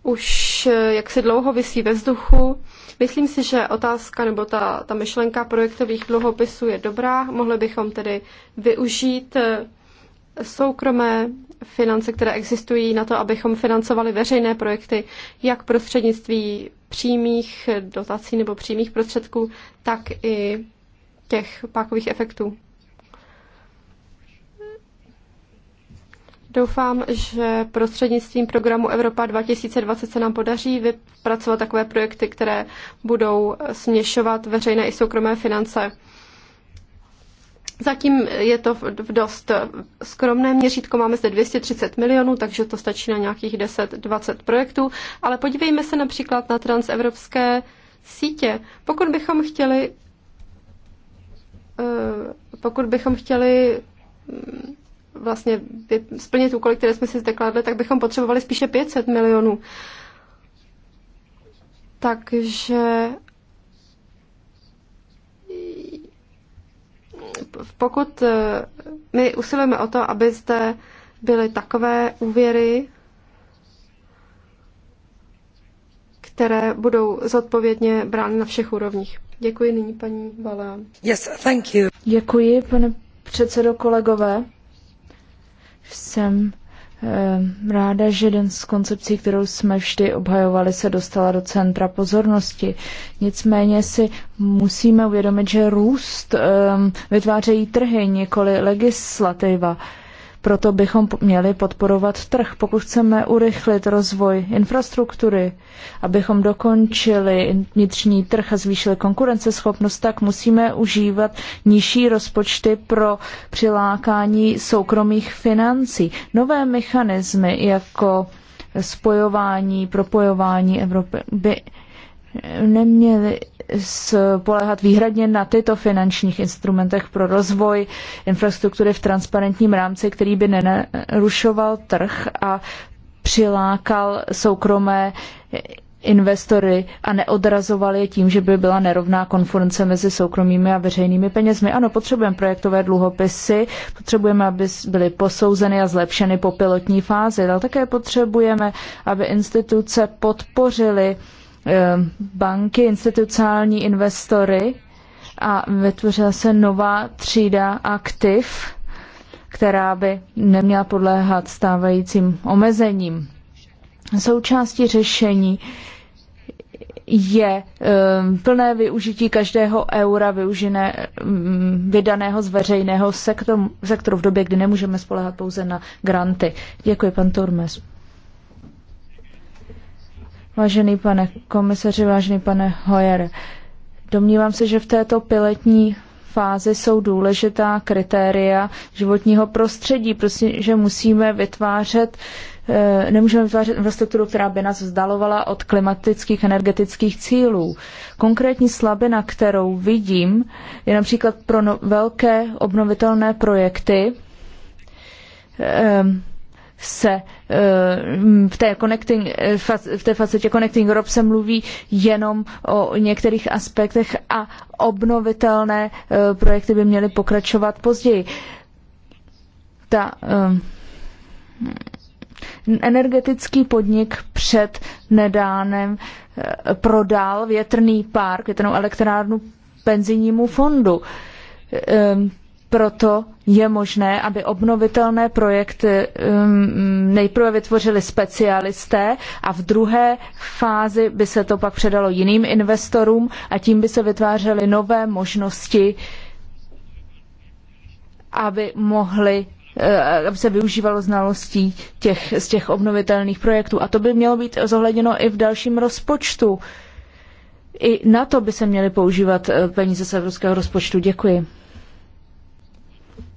Speaker 2: už eh, jak se dlouho vysí ve vzduchu. Myslím si, že otázka nebo ta, ta myšlenka projektových dluhopisů je dobrá. Mohli bychom tedy využít soukromé finance, které existují na to, abychom financovali veřejné projekty, jak prostřednictví přímých dotací nebo přímých prostředků, tak i těch pákových efektů. Doufám, že prostřednictvím programu Evropa 2020 se nám podaří vypracovat takové projekty, které budou směšovat veřejné i soukromé finance Zatím je to v dost skromné měřítko, máme zde 230 milionů, takže to stačí na nějakých 10-20 projektů, ale podívejme se například na transevropské sítě. Pokud bychom chtěli eh, pokud bychom chtěli mm, vlastně splnit úkoly, které jsme si zde kladli, tak bychom potřebovali spíše 500 milionů. Takže pokud eh, my usilujeme o to, aby zde byly takové úvěry, které budou zodpovědně brány na všech úrovních. Děkuji nyní paní Balá. Yes, thank you.
Speaker 3: Děkuji, pane předsedo kolegové. Jsem Ehm, ráda, že jeden z koncepcí, kterou jsme vždy obhajovali, se dostala do centra pozornosti. Nicméně si musíme uvědomit, že růst ehm, vytvářejí trhy, nikoli legislativa. Proto bychom měli podporovat trh, pokud chceme urychlit rozvoj infrastruktury, abychom dokončili vnitřní trh a zvýšili konkurenceschopnost, tak musíme užívat nižší rozpočty pro přilákání soukromých financí. Nové mechanismy jako spojování, propojování Evropy by neměli spolehat výhradně na tyto finančních instrumentech pro rozvoj infrastruktury v transparentním rámci, který by nenarušoval trh a přilákal soukromé investory a neodrazoval je tím, že by byla nerovná konference mezi soukromými a veřejnými penězmi. Ano, potřebujeme projektové dluhopisy, potřebujeme, aby byly posouzeny a zlepšeny po pilotní fázi, ale také potřebujeme, aby instituce podpořily Eh, banky, institucionální investory a vytvořila se nová třída aktiv, která by neměla podléhat stávajícím omezením. Součástí řešení je eh, plné využití každého eura využené, mm, vydaného z veřejného sektoru, sektoru v době, kdy nemůžeme spolehat pouze na granty. Děkuji, pan Turmes. Vážený pane komisaři, vážený pane Hojer, domnívám se, že v této piletní fázi jsou důležitá kritéria životního prostředí, prostě, že musíme vytvářet eh, nemůžeme vytvářet infrastrukturu, která by nás vzdalovala od klimatických energetických cílů. Konkrétní slabina, kterou vidím, je například pro no- velké obnovitelné projekty, eh, se eh, v té, connecting, eh, v té facetě Connecting Europe se mluví jenom o některých aspektech a obnovitelné eh, projekty by měly pokračovat později. Ta, energetický podnik před nedánem prodal větrný park, větrnou elektrárnu penzijnímu fondu proto je možné, aby obnovitelné projekty um, nejprve vytvořili specialisté a v druhé fázi by se to pak předalo jiným investorům a tím by se vytvářely nové možnosti, aby mohli eh, aby se využívalo znalostí těch, z těch obnovitelných projektů. A to by mělo být zohledněno i v dalším rozpočtu. I na to by se měly používat eh, peníze z evropského rozpočtu. Děkuji.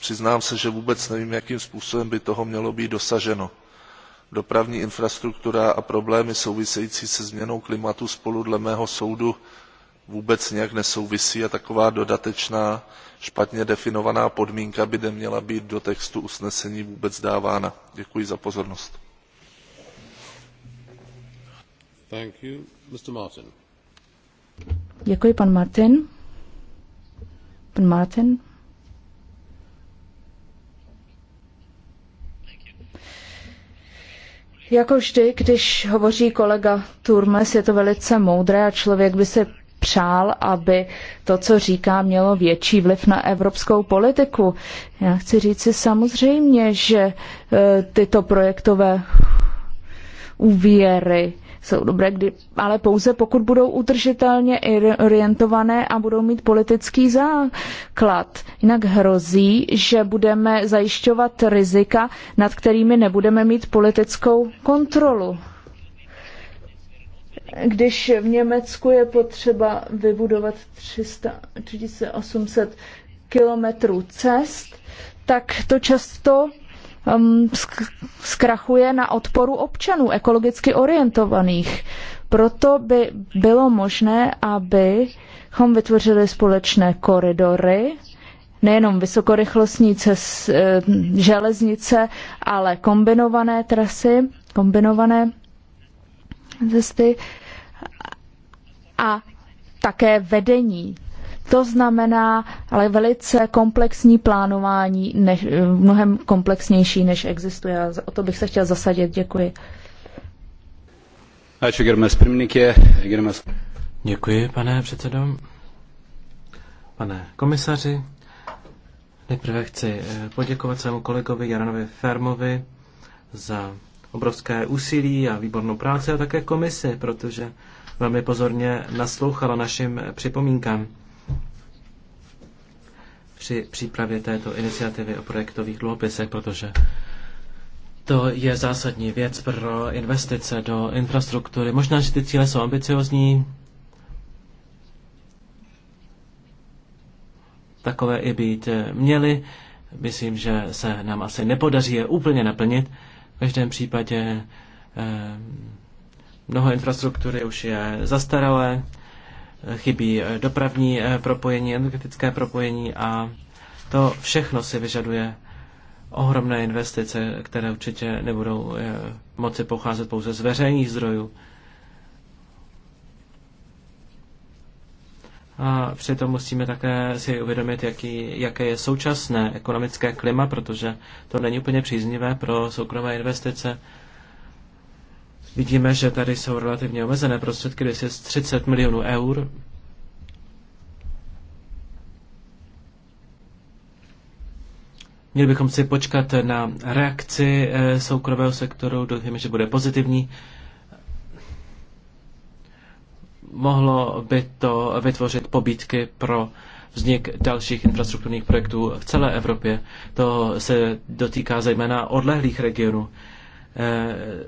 Speaker 4: Přiznám se, že vůbec nevím, jakým způsobem by toho mělo být dosaženo. Dopravní infrastruktura a problémy související se změnou klimatu spolu dle mého soudu vůbec nějak nesouvisí a taková dodatečná špatně definovaná podmínka by neměla být do textu usnesení vůbec dávána. Děkuji za pozornost.
Speaker 3: Děkuji, pan Martin. Pan Martin. Jako vždy, když hovoří kolega Turmes, je to velice moudré a člověk by si přál, aby to, co říká, mělo větší vliv na evropskou politiku. Já chci říct si samozřejmě, že e, tyto projektové úvěry jsou dobré, kdy, ale pouze pokud budou udržitelně orientované a budou mít politický základ. Jinak hrozí, že budeme zajišťovat rizika, nad kterými nebudeme mít politickou kontrolu. Když v Německu je potřeba vybudovat 300, 3800 kilometrů cest, tak to často um, zkrachuje na odporu občanů ekologicky orientovaných. Proto by bylo možné, abychom vytvořili společné koridory, nejenom vysokorychlostní cest, eh, železnice, ale kombinované trasy, kombinované cesty a také vedení to znamená ale velice komplexní plánování, než, mnohem komplexnější, než existuje. O to bych se chtěl zasadit. Děkuji.
Speaker 1: Děkuji, pane předsedo. Pane komisaři, nejprve chci eh, poděkovat svému kolegovi Jaranovi Fermovi za obrovské úsilí a výbornou práci a také komisi, protože velmi pozorně naslouchala našim připomínkám při přípravě této iniciativy o projektových dluhopisech, protože to je zásadní věc pro investice do infrastruktury. Možná, že ty cíle jsou ambiciozní, takové i být měly. Myslím, že se nám asi nepodaří je úplně naplnit. V každém případě eh, mnoho infrastruktury už je zastaralé, chybí eh, dopravní eh, propojení, energetické propojení a to všechno si vyžaduje ohromné investice, které určitě nebudou eh, moci pocházet pouze z veřejných zdrojů. A přitom musíme také si uvědomit, jaký, jaké je současné ekonomické klima, protože to není úplně příznivé pro soukromé investice. Vidíme, že tady jsou relativně omezené prostředky, 230 milionů eur. Měli bychom si počkat na reakci eh, soukromého sektoru, doufáme, že bude pozitivní. Mohlo by to vytvořit pobídky pro vznik dalších infrastrukturních projektů v celé Evropě. To se dotýká zejména odlehlých regionů eh,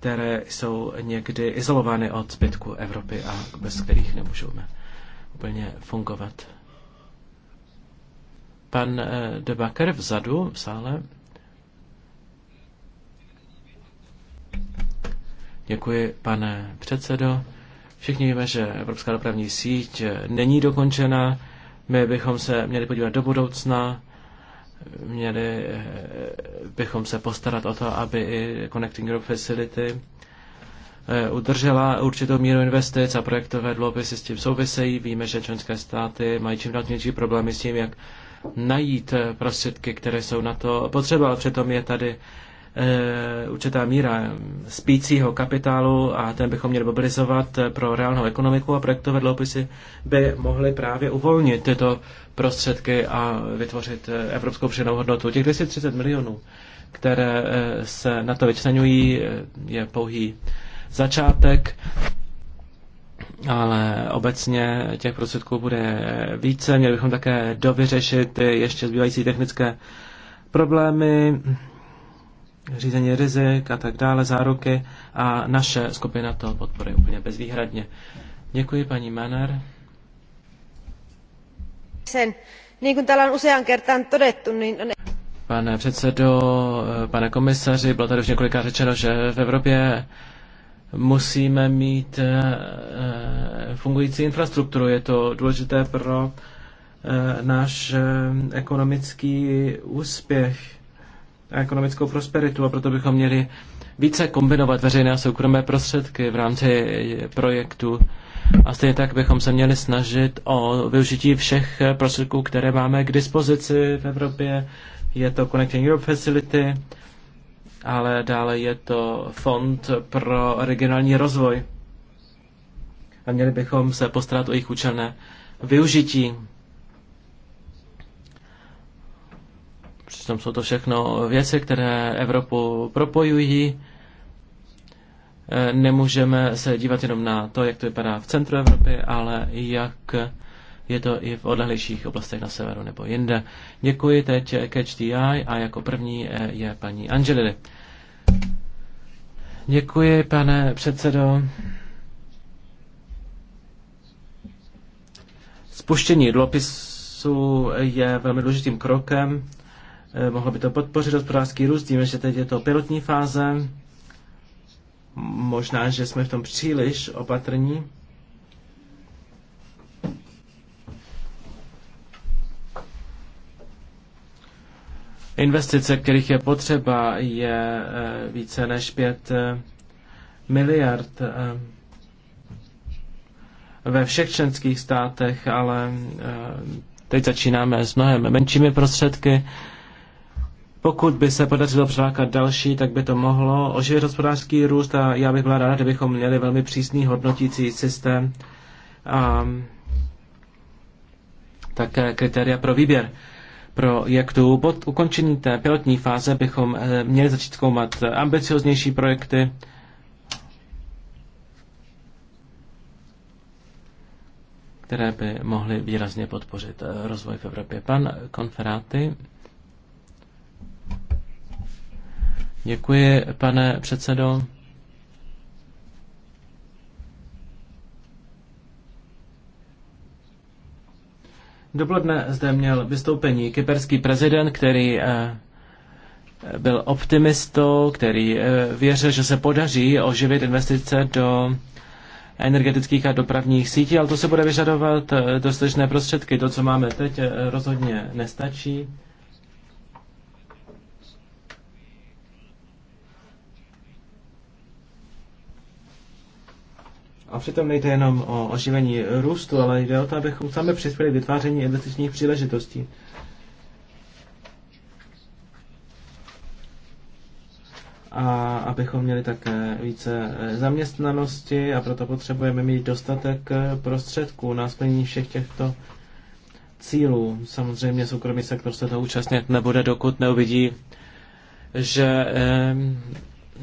Speaker 1: které jsou někdy izolovány od zbytku Evropy a bez kterých nemůžeme úplně fungovat. Pan eh, Debaker vzadu v sále. Děkuji, pane předsedo. Všichni víme, že Evropská dopravní síť není dokončena. My bychom se měli podívat do budoucna měli eh, bychom se postarat o to, aby i Connecting Group Facility eh, udržela určitou míru investic a projektové dluhopisy s tím souvisejí. Víme, že členské státy mají čím dál větší problémy s tím, jak najít eh, prostředky, které jsou na to potřeba, ale přitom je tady Eh, určitá míra spícího kapitálu a ten bychom měli mobilizovat eh, pro reálnou ekonomiku a projektové dloupisy by mohly právě uvolnit tyto prostředky a vytvořit eh, evropskou přidanou hodnotu. Těch 230 milionů, které se na to vyčlenují, je pouhý začátek, ale obecně těch prostředků bude více. Měli bychom také dovyřešit ještě zbývající technické problémy řízení rizik a tak dále, záruky a naše skupina to podporuje úplně bezvýhradně. Děkuji paní Manar. Pane předsedo, pane komisaři, bylo tady už několika řečeno, že v Evropě musíme mít eh, fungující infrastrukturu. Je to důležité pro eh, náš eh, ekonomický úspěch a ekonomickou prosperitu a proto bychom měli více kombinovat veřejné a soukromé prostředky v rámci projektu. A stejně tak bychom se měli snažit o využití všech prostředků, které máme k dispozici v Evropě. Je to Connecting Europe Facility, ale dále je to Fond pro regionální rozvoj. A měli bychom se postarat o jejich účelné využití. Přitom jsou to všechno věci, které Evropu propojují. E, nemůžeme se dívat jenom na to, jak to vypadá v centru Evropy, ale jak je to i v odlehlejších oblastech na severu nebo jinde. Děkuji teď Catch the Eye a jako první e, je paní Angelidy. Děkuji, pane předsedo. Spuštění dlopisu je velmi důležitým krokem Eh, mohlo by to podpořit hospodářský růst. Víme, že teď je to pilotní fáze. Možná, že jsme v tom příliš opatrní. Investice, kterých je potřeba, je eh, více než 5 eh, miliard ve všech členských státech, ale teď začínáme s mnohem menšími prostředky. Pokud by se podařilo přilákat další, tak by to mohlo oživit hospodářský růst a já bych byla ráda, kdybychom měli velmi přísný hodnotící systém a také kritéria pro výběr projektů. Pod ukončení té pilotní fáze bychom eh, měli začít zkoumat ambicioznější projekty, které by mohly výrazně podpořit eh, rozvoj v Evropě. Pan Konferáty. Děkuji, pane předsedo. Dopoledne zde měl vystoupení kyperský prezident, který eh, byl optimistou, který eh, věřil, že se podaří oživit investice do energetických a dopravních sítí, ale to se bude vyžadovat eh, dostatečné prostředky. To, co máme teď, rozhodně nestačí. A přitom nejde jenom o oživení růstu, ale jde o to, abychom sami přispěli vytváření investičních příležitostí. A abychom měli také více eh, zaměstnanosti a proto potřebujeme mít dostatek eh, prostředků na splnění všech těchto cílů. Samozřejmě soukromý sektor se to účastnit nebude, dokud neuvidí, že eh,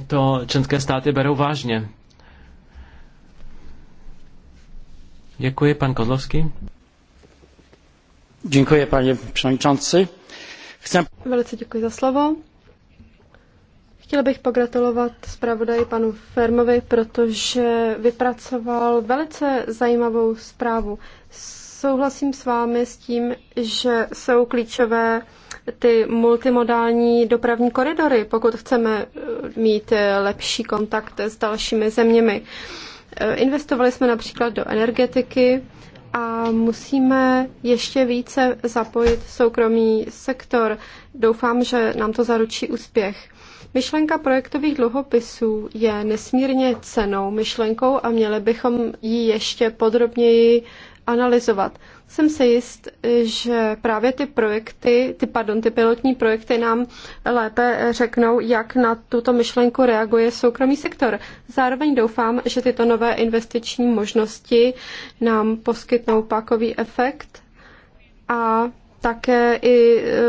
Speaker 1: to členské státy berou vážně. Děkuji, pan Kozlovský. Děkuji, pane předsedající. Chcem... Velice děkuji za slovo.
Speaker 2: Chtěla bych pogratulovat zpravodaji panu Fermovi, protože vypracoval velice zajímavou zprávu. Souhlasím s vámi s tím, že jsou klíčové ty multimodální dopravní koridory, pokud chceme mít lepší kontakt s dalšími zeměmi. Eh, investovali jsme například do energetiky a musíme ještě více zapojit soukromý sektor. Doufám, že nám to zaručí úspěch. Myšlenka projektových dluhopisů je nesmírně cenou myšlenkou a měli bychom ji ještě podrobněji analyzovat. Jsem se jist, že právě ty projekty, ty, pardon, ty pilotní projekty nám lépe řeknou, jak na tuto myšlenku reaguje soukromý sektor. Zároveň doufám, že tyto nové investiční možnosti nám poskytnou pákový efekt a také i e,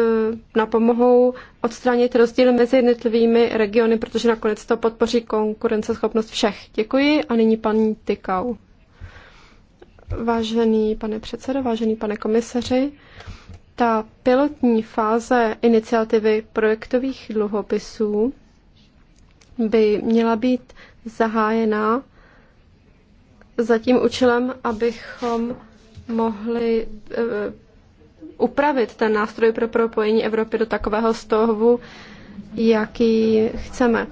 Speaker 2: napomohou odstranit rozdíly mezi jednotlivými regiony, protože nakonec to podpoří konkurenceschopnost všech. Děkuji a nyní paní Tykau. Vážený pane předsedo, vážený pane komisaři, ta pilotní fáze iniciativy projektových dluhopisů by měla být zahájena za tím účelem, abychom mohli eh, upravit ten nástroj pro propojení Evropy do takového stohu, jaký chceme.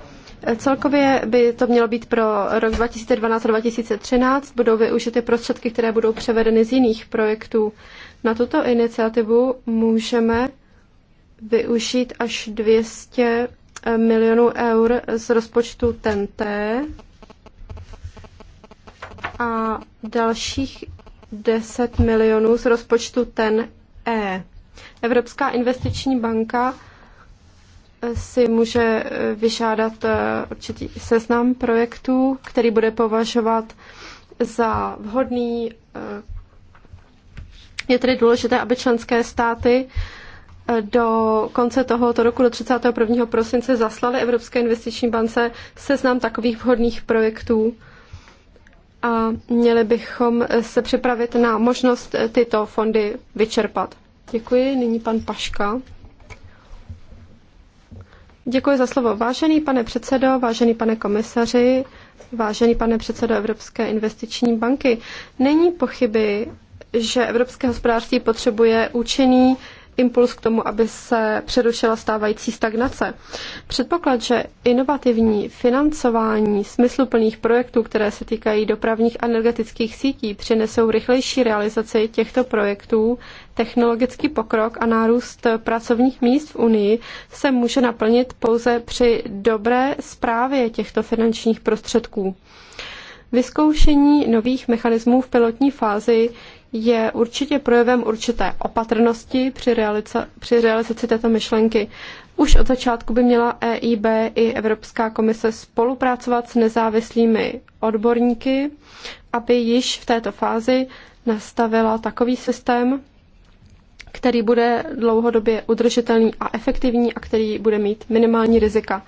Speaker 2: Celkově by to mělo být pro rok 2012 a 2013. Budou využity prostředky, které budou převedeny z jiných projektů. Na tuto iniciativu můžeme využít až 200 eh, milionů eur z rozpočtu TNT a dalších 10 milionů z rozpočtu TEN-E. Evropská investiční banka si může eh, vyžádat eh, určitý seznam projektů, který bude považovat za vhodný. Eh, je tedy důležité, aby členské státy do konce tohoto roku, do 31. prosince, zaslali Evropské investiční bance seznam takových vhodných projektů a měli bychom se připravit na možnost tyto fondy vyčerpat. Děkuji. Nyní pan Paška. Děkuji za slovo. Vážený pane předsedo, vážený pane komisaři, vážený pane předsedo Evropské investiční banky, není pochyby, že evropské hospodářství potřebuje účinný impuls k tomu, aby se přerušila stávající stagnace. Předpoklad, že inovativní financování smysluplných projektů, které se týkají dopravních a energetických sítí, přinesou rychlejší realizaci těchto projektů, technologický pokrok a nárůst pracovních míst v Unii se může naplnit pouze při dobré zprávě těchto finančních prostředků. Vyzkoušení nových mechanismů v pilotní fázi je určitě projevem určité opatrnosti při, realiza- při realizaci této myšlenky. Už od začátku by měla EIB i Evropská komise spolupracovat s nezávislými odborníky, aby již v této fázi nastavila takový systém, který bude dlouhodobě udržitelný a efektivní a který bude mít minimální rizika.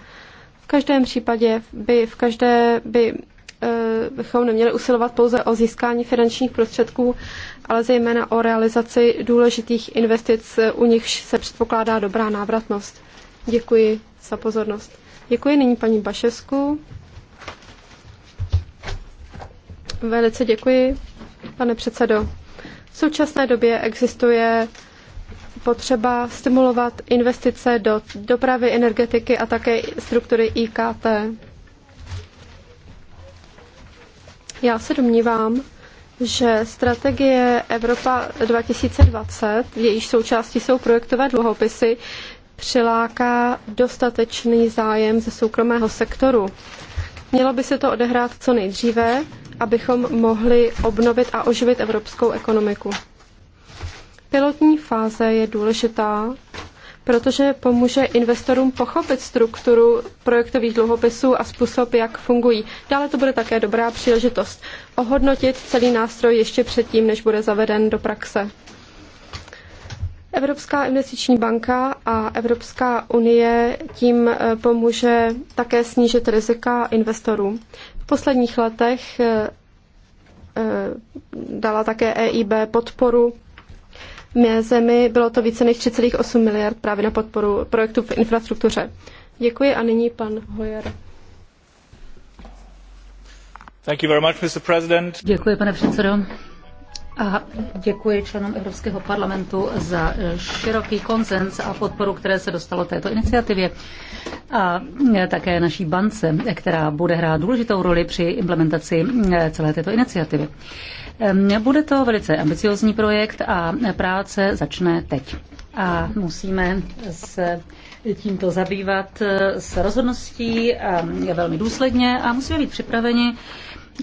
Speaker 2: V každém případě by v každé by e, bychom neměli usilovat pouze o získání finančních prostředků ale zejména o realizaci důležitých investic, u nichž se předpokládá dobrá návratnost. Děkuji za pozornost. Děkuji nyní paní Bašesku. Velice děkuji, pane předsedo. V současné době existuje potřeba stimulovat investice do dopravy, energetiky a také struktury IKT. Já se domnívám, že strategie Evropa 2020, jejíž součástí jsou projektové dluhopisy, přiláká dostatečný zájem ze soukromého sektoru. Mělo by se to odehrát co nejdříve, abychom mohli obnovit a oživit evropskou ekonomiku. Pilotní fáze je důležitá protože pomůže investorům pochopit strukturu projektových dluhopisů a způsob, jak fungují. Dále to bude také dobrá příležitost ohodnotit celý nástroj ještě předtím, než bude zaveden do praxe. Evropská investiční banka a Evropská unie tím eh, pomůže také snížit rizika investorů. V posledních letech eh, eh, dala také EIB podporu mé zemi bylo to více než 3,8 miliard právě na podporu projektů v infrastruktuře. Děkuji a nyní pan Hoyer.
Speaker 1: Thank you very much, Mr. President.
Speaker 5: Děkuji,
Speaker 6: pane předsedo. A děkuji členům Evropského parlamentu za široký konsens a podporu, které se dostalo této iniciativě a také naší bance, která bude hrát důležitou roli při implementaci celé této iniciativy. Bude to velice ambiciozní projekt a práce začne teď. A musíme se tímto zabývat eh, s rozhodností a velmi důsledně a musíme být připraveni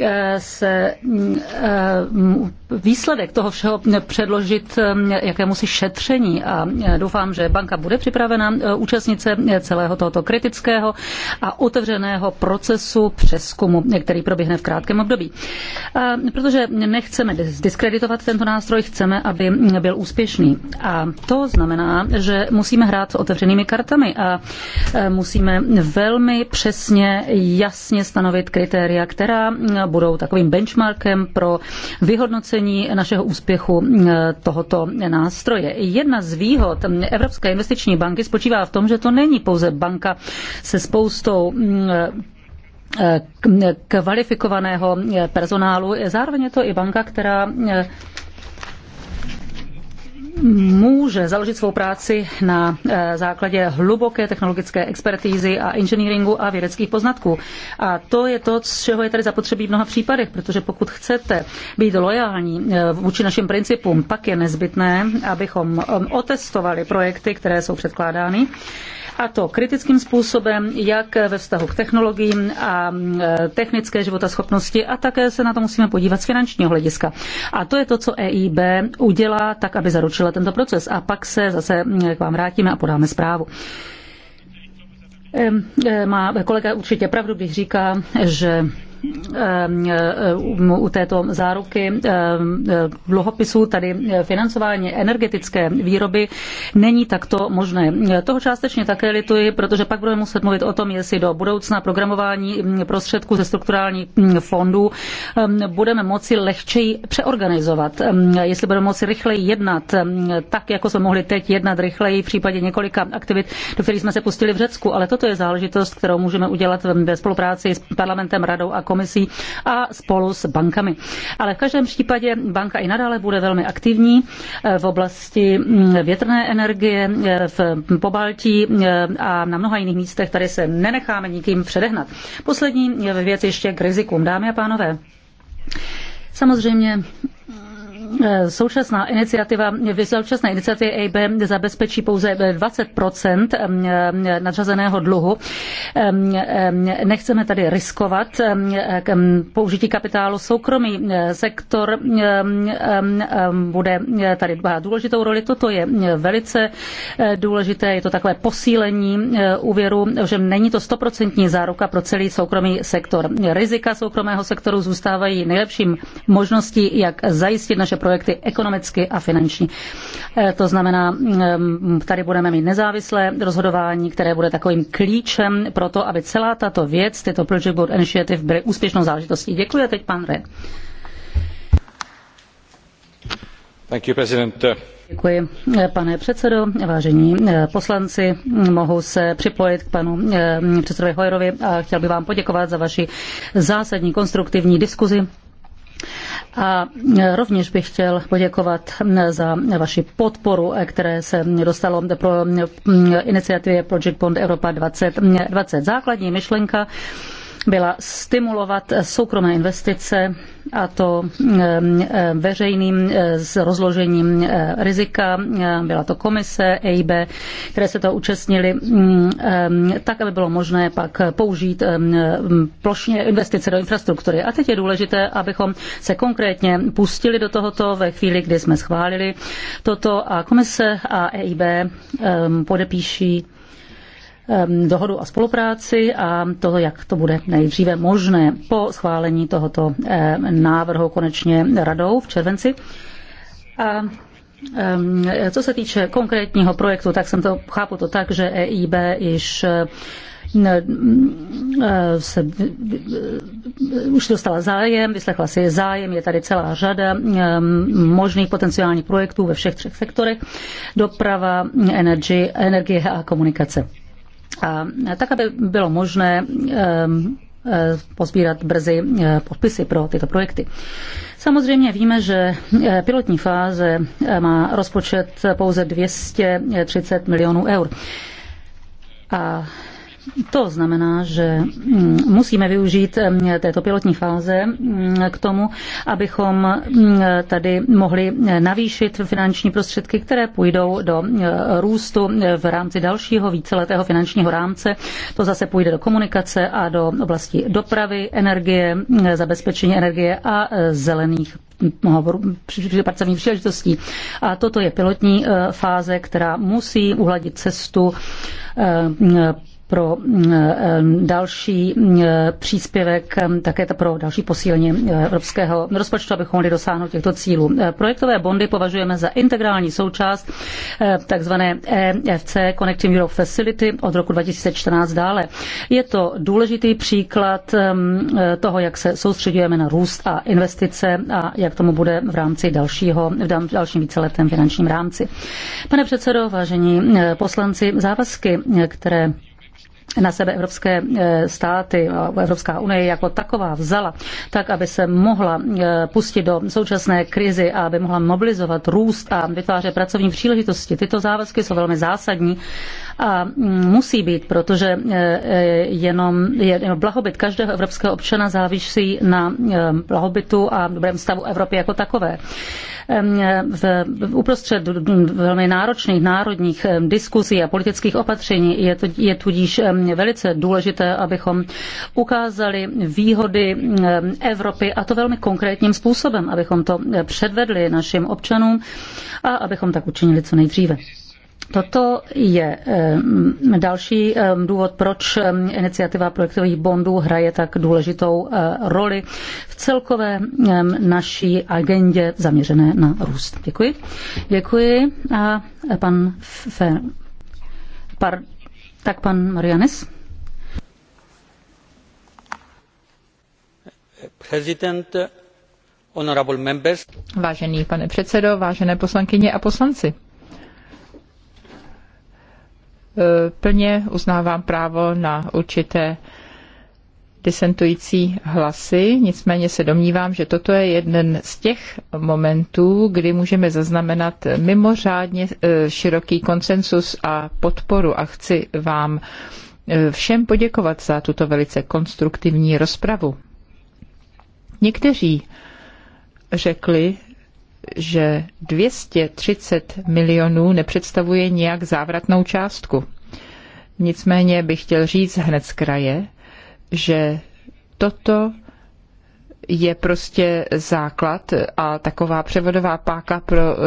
Speaker 6: Eh, se mm, eh, mm, výsledek toho všeho předložit eh, jakémusi šetření a doufám, že banka bude připravena účastnit se celého tohoto kritického a otevřeného procesu přeskumu, který proběhne v krátkém období. Protože nechceme diskreditovat tento nástroj, chceme, aby byl úspěšný. A to znamená, že musíme hrát s otevřenými kartami a musíme velmi přesně, jasně stanovit kritéria, která budou takovým benchmarkem pro vyhodnocení našeho úspěchu eh, tohoto nástroje. Jedna z výhod mm, Evropské investiční banky spočívá v tom, že to není pouze banka se spoustou mm, eh, mm, eh, kvalifikovaného personálu, zároveň je to i banka, která může založit svou práci na eh, základě hluboké technologické expertízy a inženýringu a vědeckých poznatků. A to je to, z čeho je tady zapotřebí v mnoha případech, protože pokud chcete být lojální eh, vůči našim principům, pak je nezbytné, abychom eh, otestovali projekty, které jsou předkládány a to kritickým způsobem, jak ve vztahu k technologiím a e, technické životaschopnosti a také se na to musíme podívat z finančního hlediska. A to je to, co EIB udělá, tak aby zaručila tento proces. A pak se zase k vám vrátíme a podáme zprávu. E, má kolega určitě pravdu, když říká, že Ehm, ehm, u této záruky ehm, dluhopisů, tady financování energetické výroby není takto možné. Toho částečně také lituji, protože pak budeme muset mluvit o tom, jestli do budoucna programování mm, prostředků ze strukturálních mm, fondů budeme moci lehčeji přeorganizovat, jestli budeme moci rychleji jednat, tak jako jsme mohli teď jednat rychleji v případě několika aktivit, do kterých jsme se pustili v Řecku, ale toto je záležitost, kterou můžeme udělat ve spolupráci s parlamentem, radou a komisí komisí a spolu s bankami. Ale v každém případě banka i nadále bude velmi aktivní eh, v oblasti mm, větrné energie eh, v mm, Pobaltí eh, a na mnoha jiných místech. Tady se nenecháme nikým předehnat. Poslední věc ještě k rizikům. Dámy a pánové, Samozřejmě Eh, současná iniciativa, v současné iniciativě EIB zabezpečí pouze 20 eh, eh, nadřazeného dluhu. Nechceme tady riskovat použití kapitálu. Soukromý sektor bude tady dbát důležitou roli. Toto je velice důležité, je to takové posílení úvěru, že není to stoprocentní záruka pro celý soukromý sektor. Rizika soukromého sektoru zůstávají nejlepším možností, jak zajistit naše projekty ekonomicky a finančně. Eh, to znamená, ehm, tady budeme mít nezávislé rozhodování, které bude takovým klíčem pro to, aby celá tato věc, tyto Project Board Initiative, byly úspěšnou záležitostí. Děkuji a teď pan Red.
Speaker 1: Thank you, President.
Speaker 6: Děkuji, eh, pane předsedo, vážení eh, poslanci. Mohu se připojit k panu předsedovi Hojerovi a chtěl bych vám poděkovat za vaši zásadní konstruktivní diskuzi a e, rovněž bych chtěl poděkovat za vaši podporu, e, které se dostalo pro iniciativě Project Bond Europa 2020. Základní myšlenka byla stimulovat soukromé investice a to mm, eh, veřejným eh, s rozložením eh, rizika. Byla to komise EIB, které se to účastnili, mm, tak, aby bylo možné pak použít mm, plošně investice do infrastruktury. A teď je důležité, abychom se konkrétně pustili do tohoto ve chvíli, kdy jsme schválili toto a komise a EIB podepíší Ehm, dohodu a spolupráci a toho, jak to bude nejdříve možné po schválení tohoto ehm, návrhu konečně radou v červenci. A ehm, co se týče konkrétního projektu, tak jsem to chápu to tak, že EIB již se, už dostala zájem, vyslechla si zájem, je tady celá řada možných potenciálních projektů ve všech třech sektorech, doprava, energie a komunikace a tak, aby bylo možné ehm, ehm, pozbírat brzy eh, podpisy pro tyto projekty. Samozřejmě víme, že eh, pilotní fáze eh, má rozpočet pouze 230 milionů eur. A to znamená, že mm, musíme využít mm, této pilotní fáze mm, k tomu, abychom tady mohli navýšit finanční prostředky, které půjdou do růstu v rámci dalšího víceletého finančního rámce. To zase půjde do komunikace a do oblasti dopravy, energie, zabezpečení energie a e, zelených pracovních příležitostí. A toto je pilotní e, fáze, která musí uhladit cestu e, pro mm, eh, další mm, eh, příspěvek, mm, také pro další posílení eh, evropského rozpočtu, abychom mohli dosáhnout těchto cílů. Projektové bondy považujeme za integrální součást takzvané EFC Connecting Europe Facility od roku 2014 dále. Je to důležitý příklad toho, jak se soustředujeme na růst a investice a jak tomu bude v rámci dalšího, v dalším víceletém finančním rámci. Pane předsedo, vážení poslanci, závazky, které na sebe evropské eh, státy, Evropská unie jako taková vzala, tak aby se mohla eh, pustit do současné krizi a aby mohla mobilizovat růst a vytvářet pracovní příležitosti. Tyto závazky jsou velmi zásadní a mm, musí být, protože e, e, jenom blahobyt každého evropského občana závisí na e, blahobytu a dobrém stavu Evropy jako takové. V, uprostřed velmi náročných národních diskuzí a politických opatření je, to, je tudíž velice důležité, abychom ukázali výhody Evropy a to velmi konkrétním způsobem, abychom to předvedli našim občanům a abychom tak učinili co nejdříve. Toto je eh, další eh, důvod, proč eh, iniciativa projektových bondů hraje tak důležitou roli v celkové naší agendě zaměřené na růst. Děkuji. Děkuji. A pan Fer... Par... Tak pan Marianis. President, honorable members.
Speaker 5: Vážený pane předsedo, vážené poslankyně a poslanci. E, plně uznávám právo na určité disentující hlasy, nicméně se domnívám, že toto je jeden z těch momentů, kdy můžeme zaznamenat mimořádně e, široký konsensus a podporu a chci vám e, všem poděkovat za tuto velice konstruktivní rozpravu. Někteří řekli, že 230 milionů nepředstavuje nijak závratnou částku. Nicméně bych chtěl říct hned z kraje, že toto je prostě základ a taková převodová páka pro eh,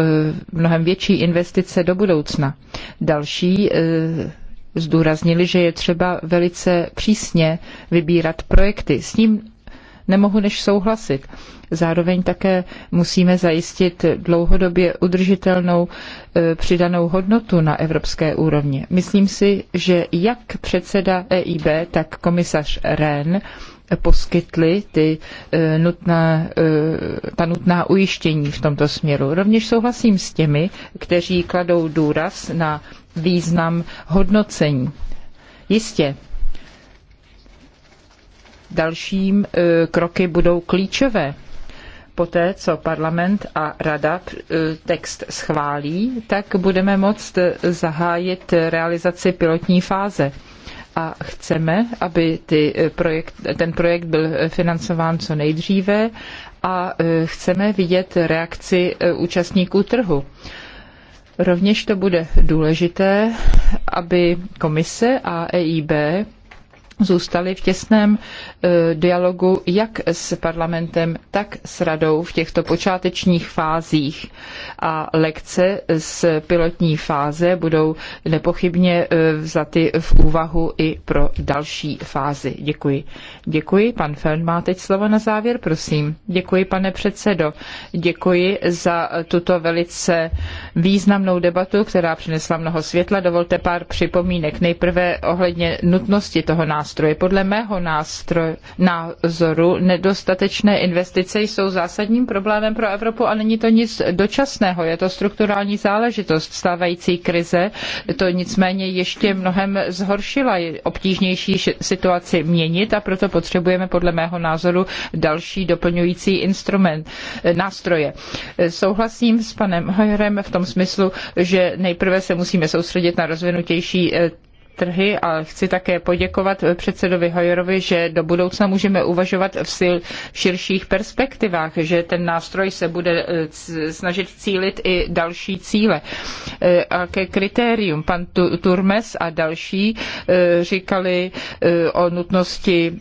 Speaker 5: mnohem větší investice do budoucna. Další eh, zdůraznili, že je třeba velice přísně vybírat projekty. S tím nemohu než souhlasit. Zároveň také musíme zajistit dlouhodobě udržitelnou e, přidanou hodnotu na evropské úrovni. Myslím si, že jak předseda EIB, tak komisař Rehn poskytli ty e, nutná, e, ta nutná ujištění v tomto směru. Rovněž souhlasím s těmi, kteří kladou důraz na význam hodnocení. Jistě, dalším e, kroky budou klíčové. Poté, co parlament a rada e, text schválí, tak budeme moct zahájit realizaci pilotní fáze a chceme, aby ty e, projekt, ten projekt byl financován co nejdříve a chceme vidět reakci účastníků trhu. Rovněž to bude důležité, aby komise a EIB zůstali v těsném eh, dialogu jak s parlamentem, tak s radou v těchto počátečních fázích. A lekce z pilotní fáze budou nepochybně eh, vzaty v úvahu i pro další fázi. Děkuji. Děkuji. Pan Fern má teď slovo na závěr, prosím. Děkuji, pane předsedo. Děkuji za tuto velice významnou debatu, která přinesla mnoho světla. Dovolte pár připomínek. Nejprve ohledně nutnosti toho nástroje. Podle mého nástroj, názoru nedostatečné investice jsou zásadním problémem pro Evropu a není to nic dočasného. Je to strukturální záležitost stávající krize. To nicméně ještě mnohem zhoršila. obtížnější situaci měnit a proto potřebujeme podle mého názoru další doplňující instrument, eh, nástroje. Eh, souhlasím s panem Hojerem v tom smyslu, že nejprve se musíme soustředit na rozvinutější eh, trhy a chci také poděkovat předsedovi Hojerovi, že do budoucna můžeme uvažovat v, sil, širších perspektivách, že ten nástroj se bude eh, snažit cílit i další cíle. Eh, a ke kritérium pan Turmes a další eh, říkali o nutnosti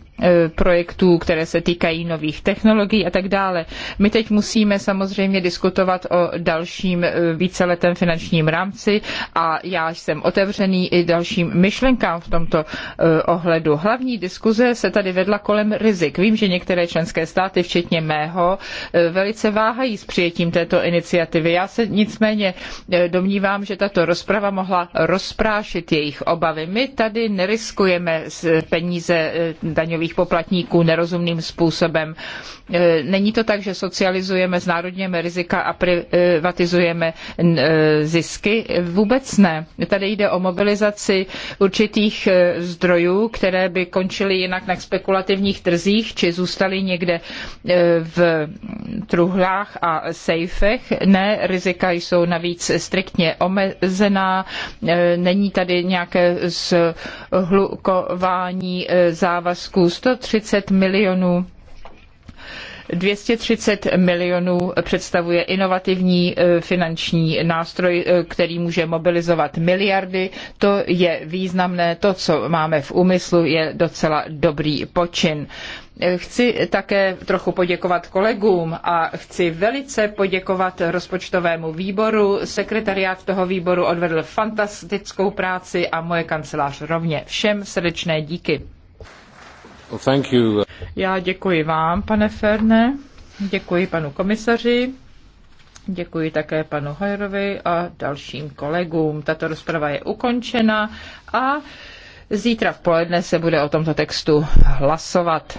Speaker 5: projektů, které se týkají nových technologií a tak dále. My teď musíme samozřejmě diskutovat o dalším víceletém finančním rámci a já jsem otevřený i dalším myšlenkám v tomto eh, ohledu. Hlavní diskuze se tady vedla kolem rizik. Vím, že některé členské státy, včetně mého, eh, velice váhají s přijetím této iniciativy. Já se nicméně eh, domnívám, že tato rozprava mohla rozprášit jejich obavy. My tady neriskujeme peníze daňových poplatníků nerozumným způsobem. Není to tak, že socializujeme, znárodněme rizika a privatizujeme zisky? Vůbec ne. Tady jde o mobilizaci určitých eh, zdrojů, které by končily jinak na spekulativních trzích či zůstaly někde eh, v truhlách a sejfech. Ne, rizika jsou navíc striktně omezená, eh, není tady nějaké zhlukování závazků 130 milionů 230 milionů představuje inovativní eh, finanční nástroj, eh, který může mobilizovat miliardy. To je významné, to, co máme v úmyslu, je docela dobrý počin. Eh, chci také trochu poděkovat kolegům a chci velice poděkovat rozpočtovému výboru. Sekretariát toho výboru odvedl fantastickou práci a moje kancelář rovně. Všem srdečné díky.
Speaker 1: Uh,
Speaker 5: Já děkuji vám, pane Ferne, děkuji panu komisaři, děkuji také panu Hojerovi a dalším kolegům. Tato rozprava je ukončena a zítra v poledne se bude o tomto textu hlasovat.